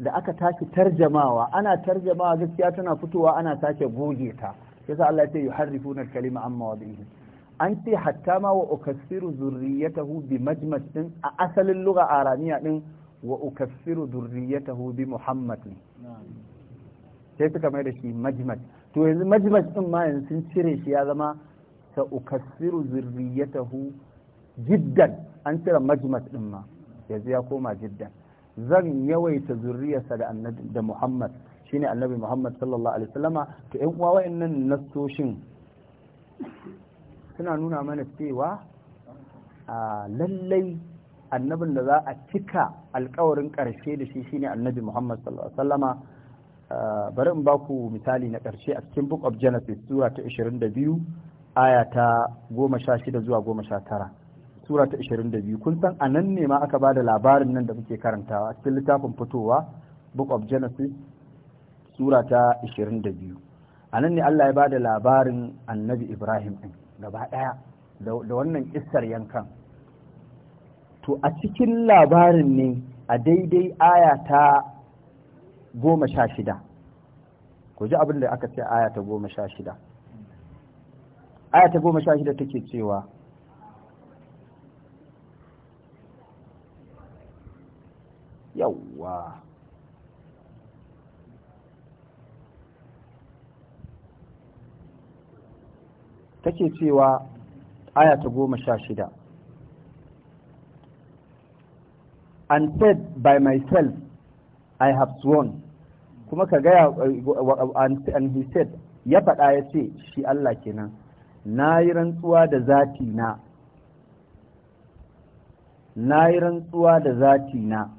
da aka tashi tarjamawa ana tarjamawa gaskiya tana fitowa ana sake goge ta yasa Allah ya ce yuharrifuna al-kalima amma wadihi an ce hatta ma wa ukassiru zurriyatahu bi majmas din a asalin lugha aramiya din wa ukassiru zurriyatahu bi muhammad ne sai suka mai da shi majmas to yanzu majmas din ma yanzu sun cire shi ya zama sa ukassiru zurriyatahu jiddan an cire majmas din ma yanzu ya koma jiddan zan yawaita zurriyarsa da annabi da Muhammad shine annabi Muhammad sallallahu alaihi wasallama to ɗan uwa wayannan nassoshin suna nuna mana cewa a lallai annabin da za a cika alkawarin ƙarshe da shi shine annabi Muhammad sallallahu alaihi wasallama bari in baku misali na ƙarshe a cikin book of Genesis sura ta 22 aya ta 16 zuwa 19 sura ta 22 kun san a nan ne ma aka ba da labarin nan da muke karantawa a cikin littafin fitowa book of genesis sura ta 22 a nan ne allah ya ba da labarin annabi ibrahim ɗin gaba ɗaya da wannan kissar yankan to a cikin labarin ne a daidai aya ta goma sha shida ku ji abin da aka ce aya ta goma sha shida aya ta goma sha shida take cewa yawwa take cewa aya ta goma sha shida and said by myself I have sworn kuma ka gaya and he said ya faɗa ya ce shi Allah kenan na yi rantsuwa da zati na na yi rantsuwa da zati na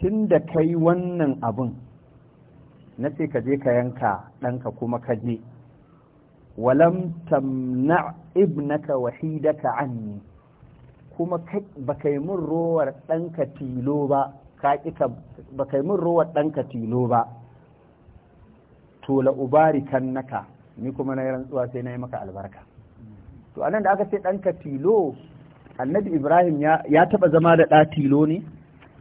tun da ka yi wannan abin na ce ka je ka yanka ɗanka kuma ka je walam tamna ibnaka wahidaka anni kuma ba ka yi min rowar ɗanka tilo ba to la ubari kan naka ni kuma na yi rantsuwa sai na yi maka albarka to anan da aka ce ɗanka tilo annabi ibrahim ya taɓa zama da ɗa tilo ne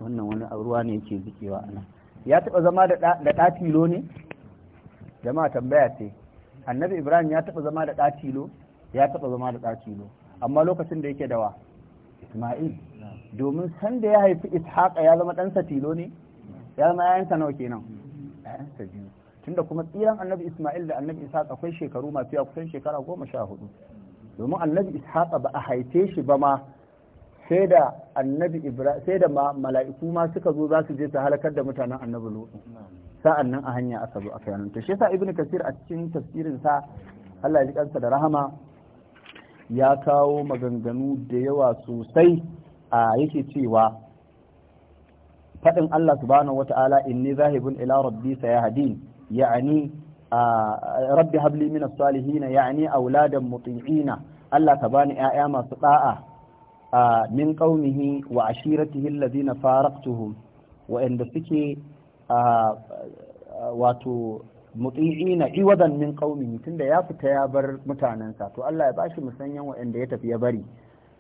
wannan wani ruwa ne yake zikewa? anan ya taba zama da da tilo ne jama'a tambaya ce annabi ibrahim ya taba zama da da tilo ya taba zama da da tilo amma lokacin da yake dawa isma'il domin san da ya haifi ishaqa ya zama ɗansa tilo ne ya zama yayansa nawa kenan yayansa biyu tunda kuma tsiran annabi isma'il da annabi ishaq akwai shekaru mafiya kusan shekara goma sha hudu domin annabi ishaq ba a haife shi ba ma sai da annabi ibrahim sai da mala'iku ma suka zo za su je su halakar da mutanen annabi lutu sa'an nan a hanya aka zo aka yanar to shi yasa ibnu kasir a cikin tafsirin sa Allah ya ji kansa da rahama ya kawo maganganu da yawa sosai a yake cewa faɗin Allah subhanahu wata'ala inni zahibun ila rabbi sayahdin ya'ani rabbi habli min as-salihin ya'ani auladan muti'ina Allah ka bani 'yaya masu da'a min qaumihi wa ashiratihi alladhina faraqtuhum wa'anda suke wato na iwadan min qaumihi tunda ya fita ya bar mutanensa to Allah ya bashi musanyan wa'anda ya tafi ya bari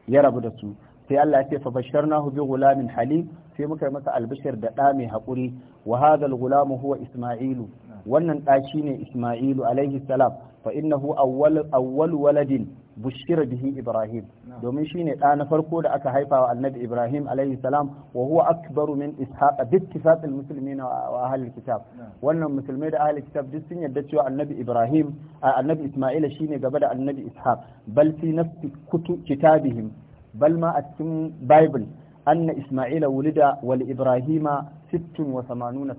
ya rabu da su sai Allah ya ce fa na bi gulamin halim sai muka yi masa albishir da ɗa mai haƙuri wa hadha al huwa isma'ilu wannan ɗa ne isma'ilu alaihi salam fa innahu awwal awwal waladin bushira bihi ibrahim domin shine ɗa na farko da aka haifa wa annabi ibrahim alaihi salam wa huwa akbaru min ishaqa bi ittifaq almuslimina wa ahli kitab wannan musulmai da ahli kitab duk sun yarda cewa annabi ibrahim annabi isma'ila shine gaba da annabi ishaq bal fi nafsi kitabihim bal ma a cikin bible anna isma'ila wulida wal ibrahima 86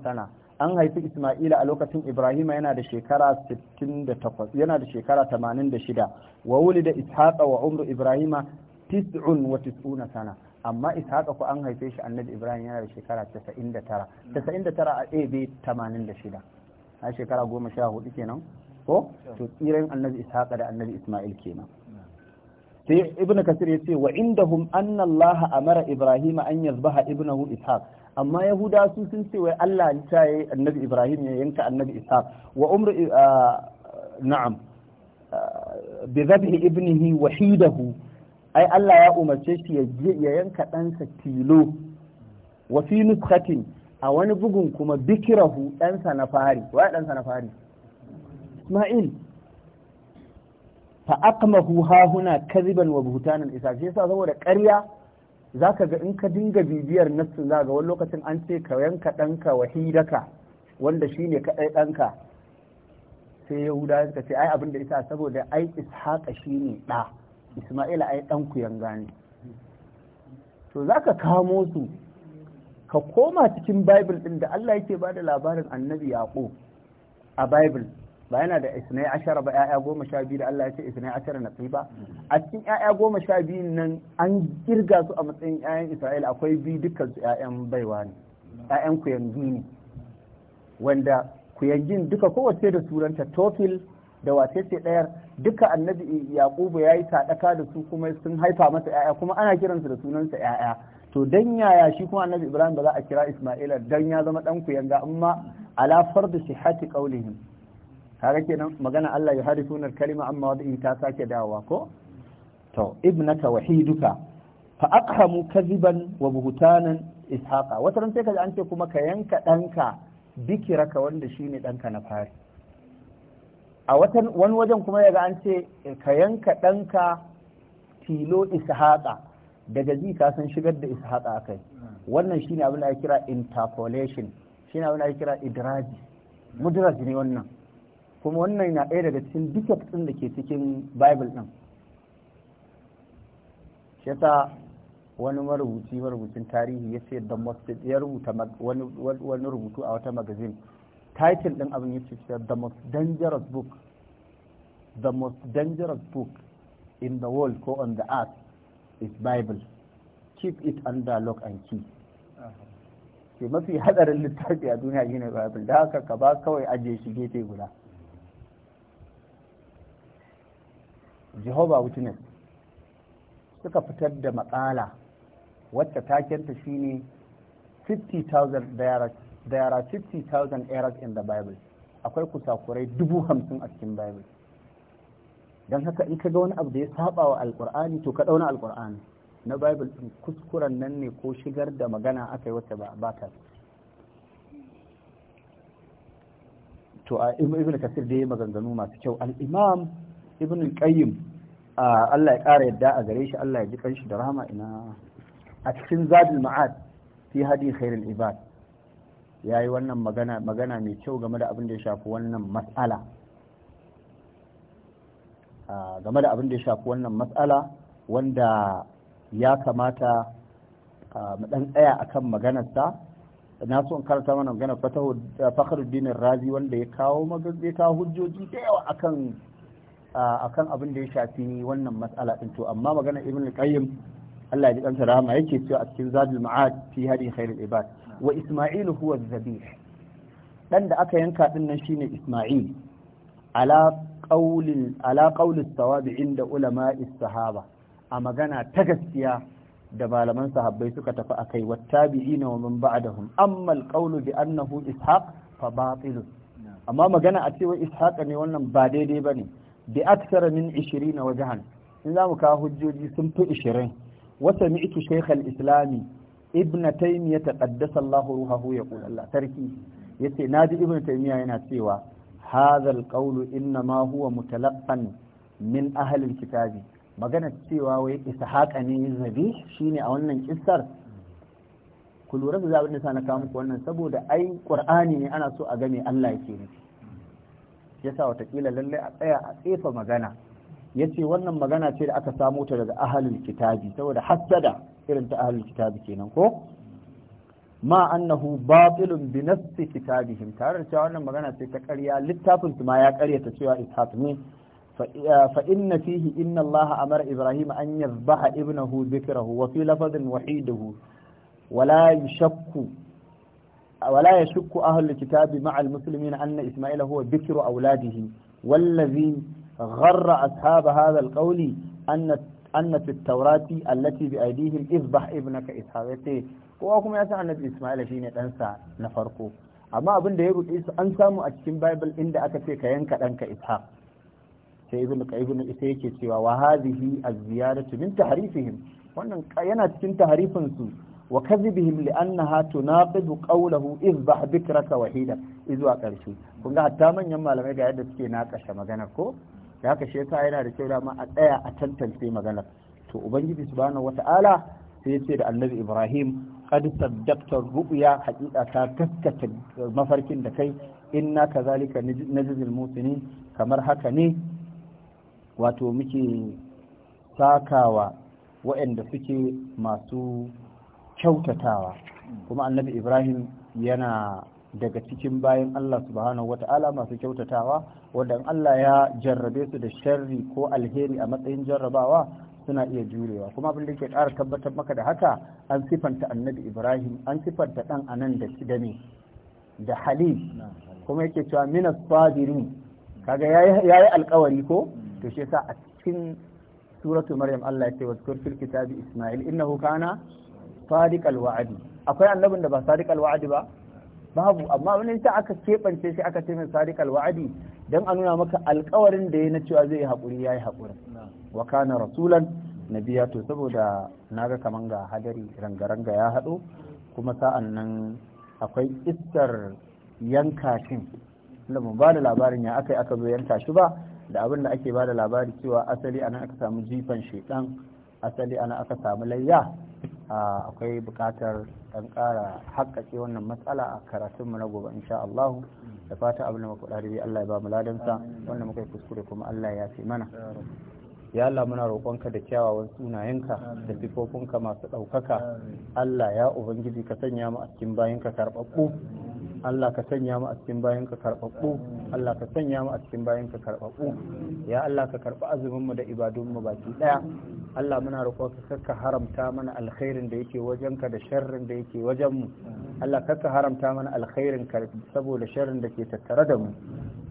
sana an haifi Isma'ila a lokacin Ibrahima yana da shekara 68 yana da shekara 86 wa wulida Ishaqa wa umru Ibrahima 99 sana amma Ishaqa ko an haife shi Annabi Ibrahim yana da shekara 99 99 a AB 86 a shekara 14 kenan ko to tsiran Annabi Ishaqa da Annabi Isma'il kenan sai Ibn Kasir yace wa indahum anna Allah amara Ibrahima an yazbaha ibnahu Ishaq amma yahuda su sun ce wai Allah ta yi annabi ibrahim ya yanka annabi isa wa umru uh, na'am uh, bi dhabhi ibnihi wahidahu ai Allah ya umarce shi ya yanka ɗansa tilo wa fi nuskatin a wani bugun kuma bikirahu ɗansa na fari wa ɗansa na fari Ismail fa aqmahu hahuna kaziban wa buhtanan isa shi yasa saboda ƙarya za ka ga in ka dinga bibiyar nassin za ga wani lokacin an ce ka yanka ɗanka wa hidaka. wanda shi ne kaɗai ɗanka sai yahuda suka ce ai abin da isa saboda ai ishaƙa shi ne ɗa isma'ila ai ɗanku yanga ne to za ka kamo su ka koma cikin bible ɗin da allah yake ba da labarin annabi yaƙo a bible ba yana da isnai ashara ba ƴaƴa goma sha biyu da Allah ya ce isnai ashara na ba a cikin yaya goma sha biyu nan an girga su a matsayin yayan Isra'ila akwai biyu dukkan su yayan baiwa ne ya'yan kuyangi ne wanda kuyangin duka kowace da suranta tofil da wacece ɗayar duka annabi yaƙubu ya yi sadaka da su kuma sun haifa masa yaya kuma ana kiransu da sunansa yaya to dan yaya shi kuma annabi ibrahim ba za a kira isma'ila dan ya zama dan kuyanga amma ala fardu sihhati qaulihim kaga kenan magana Allah ya harifuna kalima amma in ta sake dawowa ko to ibnaka wahiduka fa aqhamu kadhiban wa buhtanan ishaqa wata ran sai kaji an ce kuma ka yanka danka bikiraka wanda shine danka na fari a watan wani wajen kuma yaga an ce ka yanka danka tilo ishaqa daga ji ka san shigar da ishaqa akai wannan shine abin da ake kira interpolation shine abin da ake kira idraji mudraji ne wannan kuma wannan na ɗaya daga cikin defect ɗin da ke cikin bible ɗin shi yasa wani marubuci marubucin tarihi ya ce da ya rubuta wani rubutu a wata magazin. title ɗin abin ya ce the most dangerous book the most dangerous book in the world ko on the earth is bible keep it under lock and key ke mafi hadarin littafi a duniya shine bible da haka ka ba kawai ajiye shi gefe guda jehovah witness suka fitar da matsala wacce takenta shine 50,000 there are 50,000 errors in the bible akwai kusakurai dubu hamsin a cikin bible don haka in ka ga wani abu da ya saba wa alkur'ani to ka dauna alkur'ani na bible din kuskuren nan ne ko shigar da magana aka yi wata ba ta to a ibn kasir da ya maganganu masu kyau al'imam. ibn al-qayyim Allah ya ƙara yadda a gare shi Allah ya ji kanshi da rahama ina a cikin zadul ma'ad fi hadi khairul ibad yayi wannan magana magana mai kyau game da abin da ya shafi wannan mas'ala game da abin da ya shafi wannan mas'ala wanda ya kamata mu dan tsaya akan maganar maganarsa na so in karanta mana magana fatahu fakhruddin razi wanda ya kawo ya kawo hujjoji da yawa akan akan abin da ya shafi wannan matsala din to amma magana ibn al-qayyim Allah ya ji kansa rahama yake cewa a cikin zadul ma'ad fi hadi khairul ibad wa isma'il huwa zabih dan da aka yanka din nan shine isma'il ala qaulin ala qaulis sawabi inda ulama'is sahaba a magana ta gaskiya da malaman sahabbai suka tafi a kai wattabi'ina wa man ba'dahum amma alqawlu bi annahu ishaq fa batil amma magana a cewa ishaq ne wannan ba daidai bane bi akthara min 20 wajahan in za mu kawo hujjoji sun fi ishirin wata mi shaykh al-islami ibn ta taqaddasa Allah ruhahu yaqul Allah tarki yace naji ibn taimiya yana cewa hadha al-qawl inna ma huwa mutalaqqan min ahli kitabi magana cewa wai ishaqa ne zabi shine a wannan kissar ku lura da zabin da sa na kawo muku wannan saboda ai qur'ani ne ana so a ga me Allah yake nufi ya sa watakila lalle a tsaya a tsefa magana Ya ce wannan magana ce da aka samo ta daga ahalin kitabi saboda hassada irin ta ahalin kitabi kenan ko ma annahu batilun bi nafsi kitabihim tare da cewa wannan magana ce ta ƙarya littafin su ma ya ƙaryata cewa ishaq ne fa eh, inna fihi inna Allah amara Ibrahim an yadhbaha ibnahu dhikrahu wa fi lafadhin wahidahu wala yashakku ولا يشك أهل الكتاب مع المسلمين أن إسماعيل هو ذكر أولاده والذي غر أصحاب هذا القول أن أن في التوراة التي بأيديهم اذبح ابنك إسحاق kowa kuma ya san annabi Isma'ila shine ɗansa na farko amma abin da ya ruɗe su an samu a cikin Bible inda aka ce ka yanka ɗanka Ishaq sai ibnu qayyim isa yake cewa wa hadhihi ziyaratu min wannan yana cikin tahrifin su wa لانها تناقض قوله اذبح izbah bikraka wahida izuwa karshe حتى ga hatta manyan malamai ga yadda suke naƙashe magana ko da haka shi yana da kyau ma a tsaya a tantance magana, to ubangiji subhanahu wata'ala sai yace da annabi ibrahim qad saddaqta ru'ya haqiqa ta gaskata mafarkin da kai inna kazalika najzil musinin kamar haka ne wato muke sakawa waɗanda suke masu kyautatawa kuma annabi ibrahim yana daga cikin bayan allah subhanahu wata'ala masu kyautatawa in allah ya jarrabe su da sharri ko alheri a matsayin jarrabawa suna iya jurewa kuma abin da ke ƙara tabbatar maka da haka an sifanta annabi ibrahim an sifanta ɗan anan da sidane da halim kuma yake cewa minas sabirin kaga yayi alkawari ko to shi yasa a cikin suratu maryam Allah ya ce wa fil kitabi isma'il innahu kana sadiqal wa'adi akwai annabin da ba sadiqal wa'adi ba babu amma wani ta aka keɓance shi aka ce min sadiqal wa'adi dan a nuna maka alƙawarin da ya na cewa zai haƙuri yayi haƙuri wa kana rasulan nabiya to saboda naga kaman ga hadari rangaranga ya haɗo kuma sa'an nan akwai iskar yanka shin da mu ba da labarin ya aka aka zo yanka shi ba da abin da ake ba da labari cewa asali ana aka samu jifan shedan asali ana aka samu layya Ah, akwai buƙatar ɗan ƙara haƙƙaƙe wannan matsala a karatunmu na gobe insha Allahu da fata abin da muka faɗa Allah ya ba mu ladansa wanda muka yi kuskure kuma Allah ya ce mana ya Allah muna roƙonka da kyawawan sunayenka da sifofinka masu ɗaukaka Allah ya ubangiji ka sanya mu a cikin bayanka karɓaɓɓu Allah ka sanya mu a cikin bayanka karɓaɓɓu Allah ka sanya mu a cikin bayanka karɓaɓɓu ya Allah ka karɓi azumin mu da ibadun mu baki ɗaya Allah muna roƙonka kakka haramta mana alkhairin da yake wajenka da sharrin da yake wajenmu Allah kakka haramta mana alkhairin ka saboda sharrin da ke tattare da mu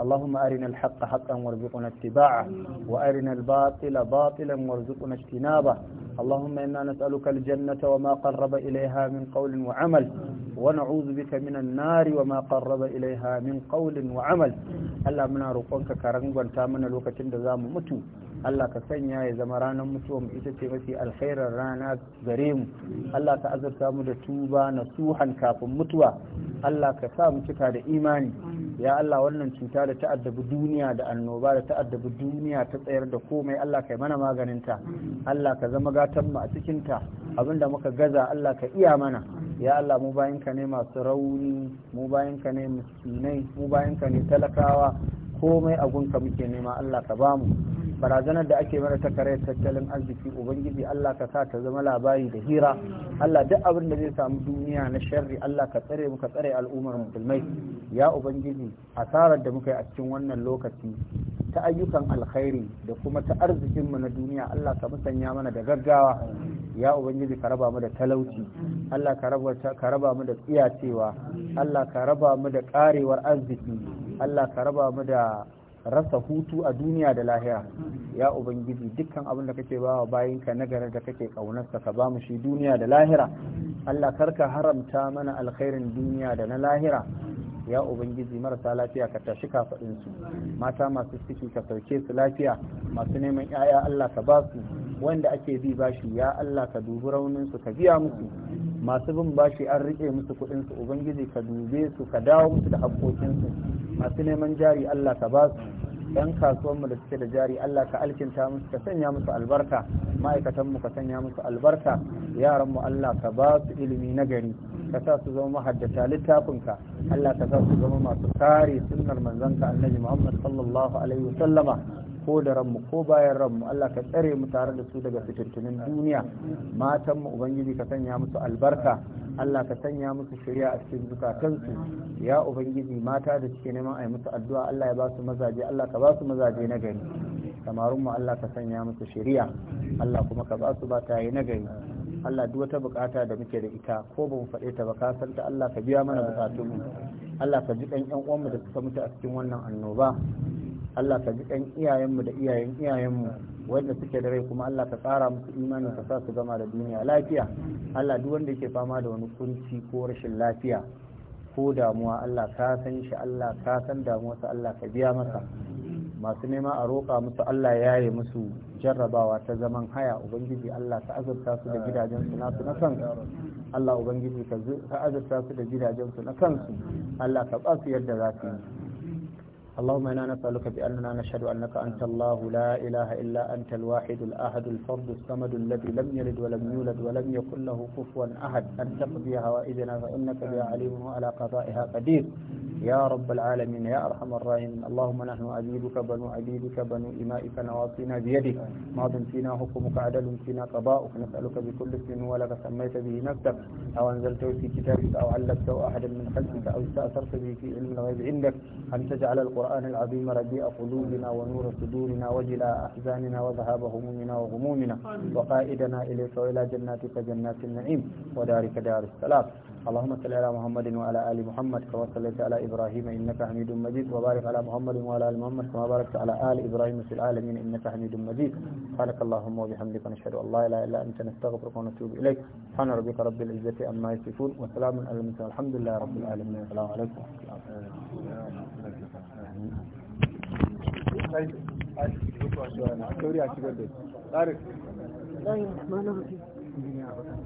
اللهم أرنا الحق حقا وارزقنا اتباعه وأرنا الباطل باطلا وارزقنا اجتنابه اللهم إنا نسألك الجنة وما قرب إليها من قول وعمل ونعوذ بك من النار وما قرب إليها من قول وعمل ألا منا رقونك كرنغ وانتامنا لوكة دزام متو Allah ka sanya ya zama ranar mutuwa mu ita ce mafi alkhairar rana gare mu Allah ka azurta mu da tuba na suhan kafin mutuwa Allah ka sa mu cika da imani ya Allah wannan cuta da ta'addabi duniya da annoba da ta'addabi duniya ta tsayar da komai Allah ka yi mana maganinta Allah ka zama gatan mu a cikin ta abinda muka gaza Allah ka iya mana ya Allah mu ka ne masu rauni mu ka ne miskinai mu ka ne talakawa komai a gunka muke nema Allah ka bamu barazanar da ake mana ta kare tattalin arziki ubangiji Allah ka sa ta zama labari da hira Allah duk abin da zai samu duniya na sharri Allah ka tsare mu ka tsare al'ummar musulmai ya ubangiji asarar da muka yi a cikin wannan lokaci ta ayyukan alkhairi da kuma ta arzikin mu na duniya Allah ka musanya mana da gaggawa ya ubangiji ka raba mu da talauci Allah ka raba ka raba mu da tsiyacewa Allah ka raba mu da karewar arziki Allah ka raba mu da rasa hutu a duniya da lahira ya ubangiji dukkan abin da kake bawa bayinka nagari da kake kaunarsa ka bamu shi duniya da lahira Allah karka haramta mana alkhairin duniya da na lahira ya ubangiji marasa lafiya ka tashi kafadin su mata masu ciki ka sauke su lafiya masu neman yaya Allah ka ba su wanda ake bi bashi ya Allah ka dubi raunin su ka biya musu masu bin bashi an rike musu kuɗin su ubangiji ka dube su ka dawo musu da haƙoƙin su masu neman jari Allah ka ba su ɗan kasuwan mu da suke da jari Allah ka alkinta musu ka sanya musu albarka ma'aikatan mu ka sanya musu albarka yaran mu Allah ka ba su ilimi na gari ka sa su zama mahaddata littafinka Allah ka sa su zama masu kare sunnar manzanka annabi Muhammad sallallahu alaihi wa sallama. ko da ranmu ko bayan ranmu Allah ka tsare mu tare da su daga fitattunin duniya matan mu ubangiji ka sanya musu albarka Allah ka sanya musu shari'a a cikin zukatansu ya ubangiji mata da suke neman a yi musu addu'a Allah ya ba su mazaje Allah ka ba su mazaje na gari kamarun mu Allah ka sanya musu shari'a Allah kuma ka ba su ba ta yi na gari Allah duk wata bukata da muke da ita ko ba mu faɗe ta ba ka san ta Allah ka biya mana bukatunmu Allah ka ji ɗan ƴan uwanmu da suka mutu a cikin wannan annoba Allah ka ji ɗan iyayenmu da iyayen iyayenmu wanda suke da rai kuma Allah ka tsara musu imani ka sa su gama da duniya lafiya Allah duk wanda yake fama da wani kunci ko rashin lafiya ko damuwa Allah ka san shi Allah ka san damuwarsa Allah ka biya masa masu nema a roƙa musu Allah ya yi musu jarrabawa ta zaman haya ubangiji Allah ka azurta su da gidajensu nasu na kansu Allah ubangiji ka azurta su da su na kansu Allah ka ba su yadda za su yi اللهم إنا نسألك بأننا نشهد أنك أنت الله لا إله إلا أنت الواحد الأحد الفرد الصمد الذي لم يلد ولم يولد ولم يكن له كفوا أحد أن تقضي هوائجنا فإنك بها عليم وعلى قضائها قدير يا رب العالمين يا أرحم الراحمين اللهم نحن عبيدك بنو عبيدك بنو إمائك نواصينا بيدك ماض فينا حكمك عدل فينا قضاؤك نسألك بكل اسم ولك سميت به نفسك أو أنزلته في كتابك أو علمته أحدا من خلفك أو استأثرت به في علم الغيب عندك أن تجعل القرآن العظيم ربيع قلوبنا ونور صدورنا وجلاء أحزاننا وذهاب همومنا وغمومنا وقائدنا إليك وإلى جناتك جنات النعيم ودارك دار السلام اللهم صل على محمد وعلى ال محمد كما صليت على ابراهيم انك حميد مجيد وبارك على محمد وعلى ال محمد كما باركت على ال ابراهيم في العالمين انك حميد مجيد سبحانك اللهم وبحمدك نشهد ان لا اله الا انت نستغفرك ونتوب اليك سبحان ربك رب العزه عما يصفون وسلام على المرسلين الحمد لله رب العالمين السلام عليكم ورحمه الله وبركاته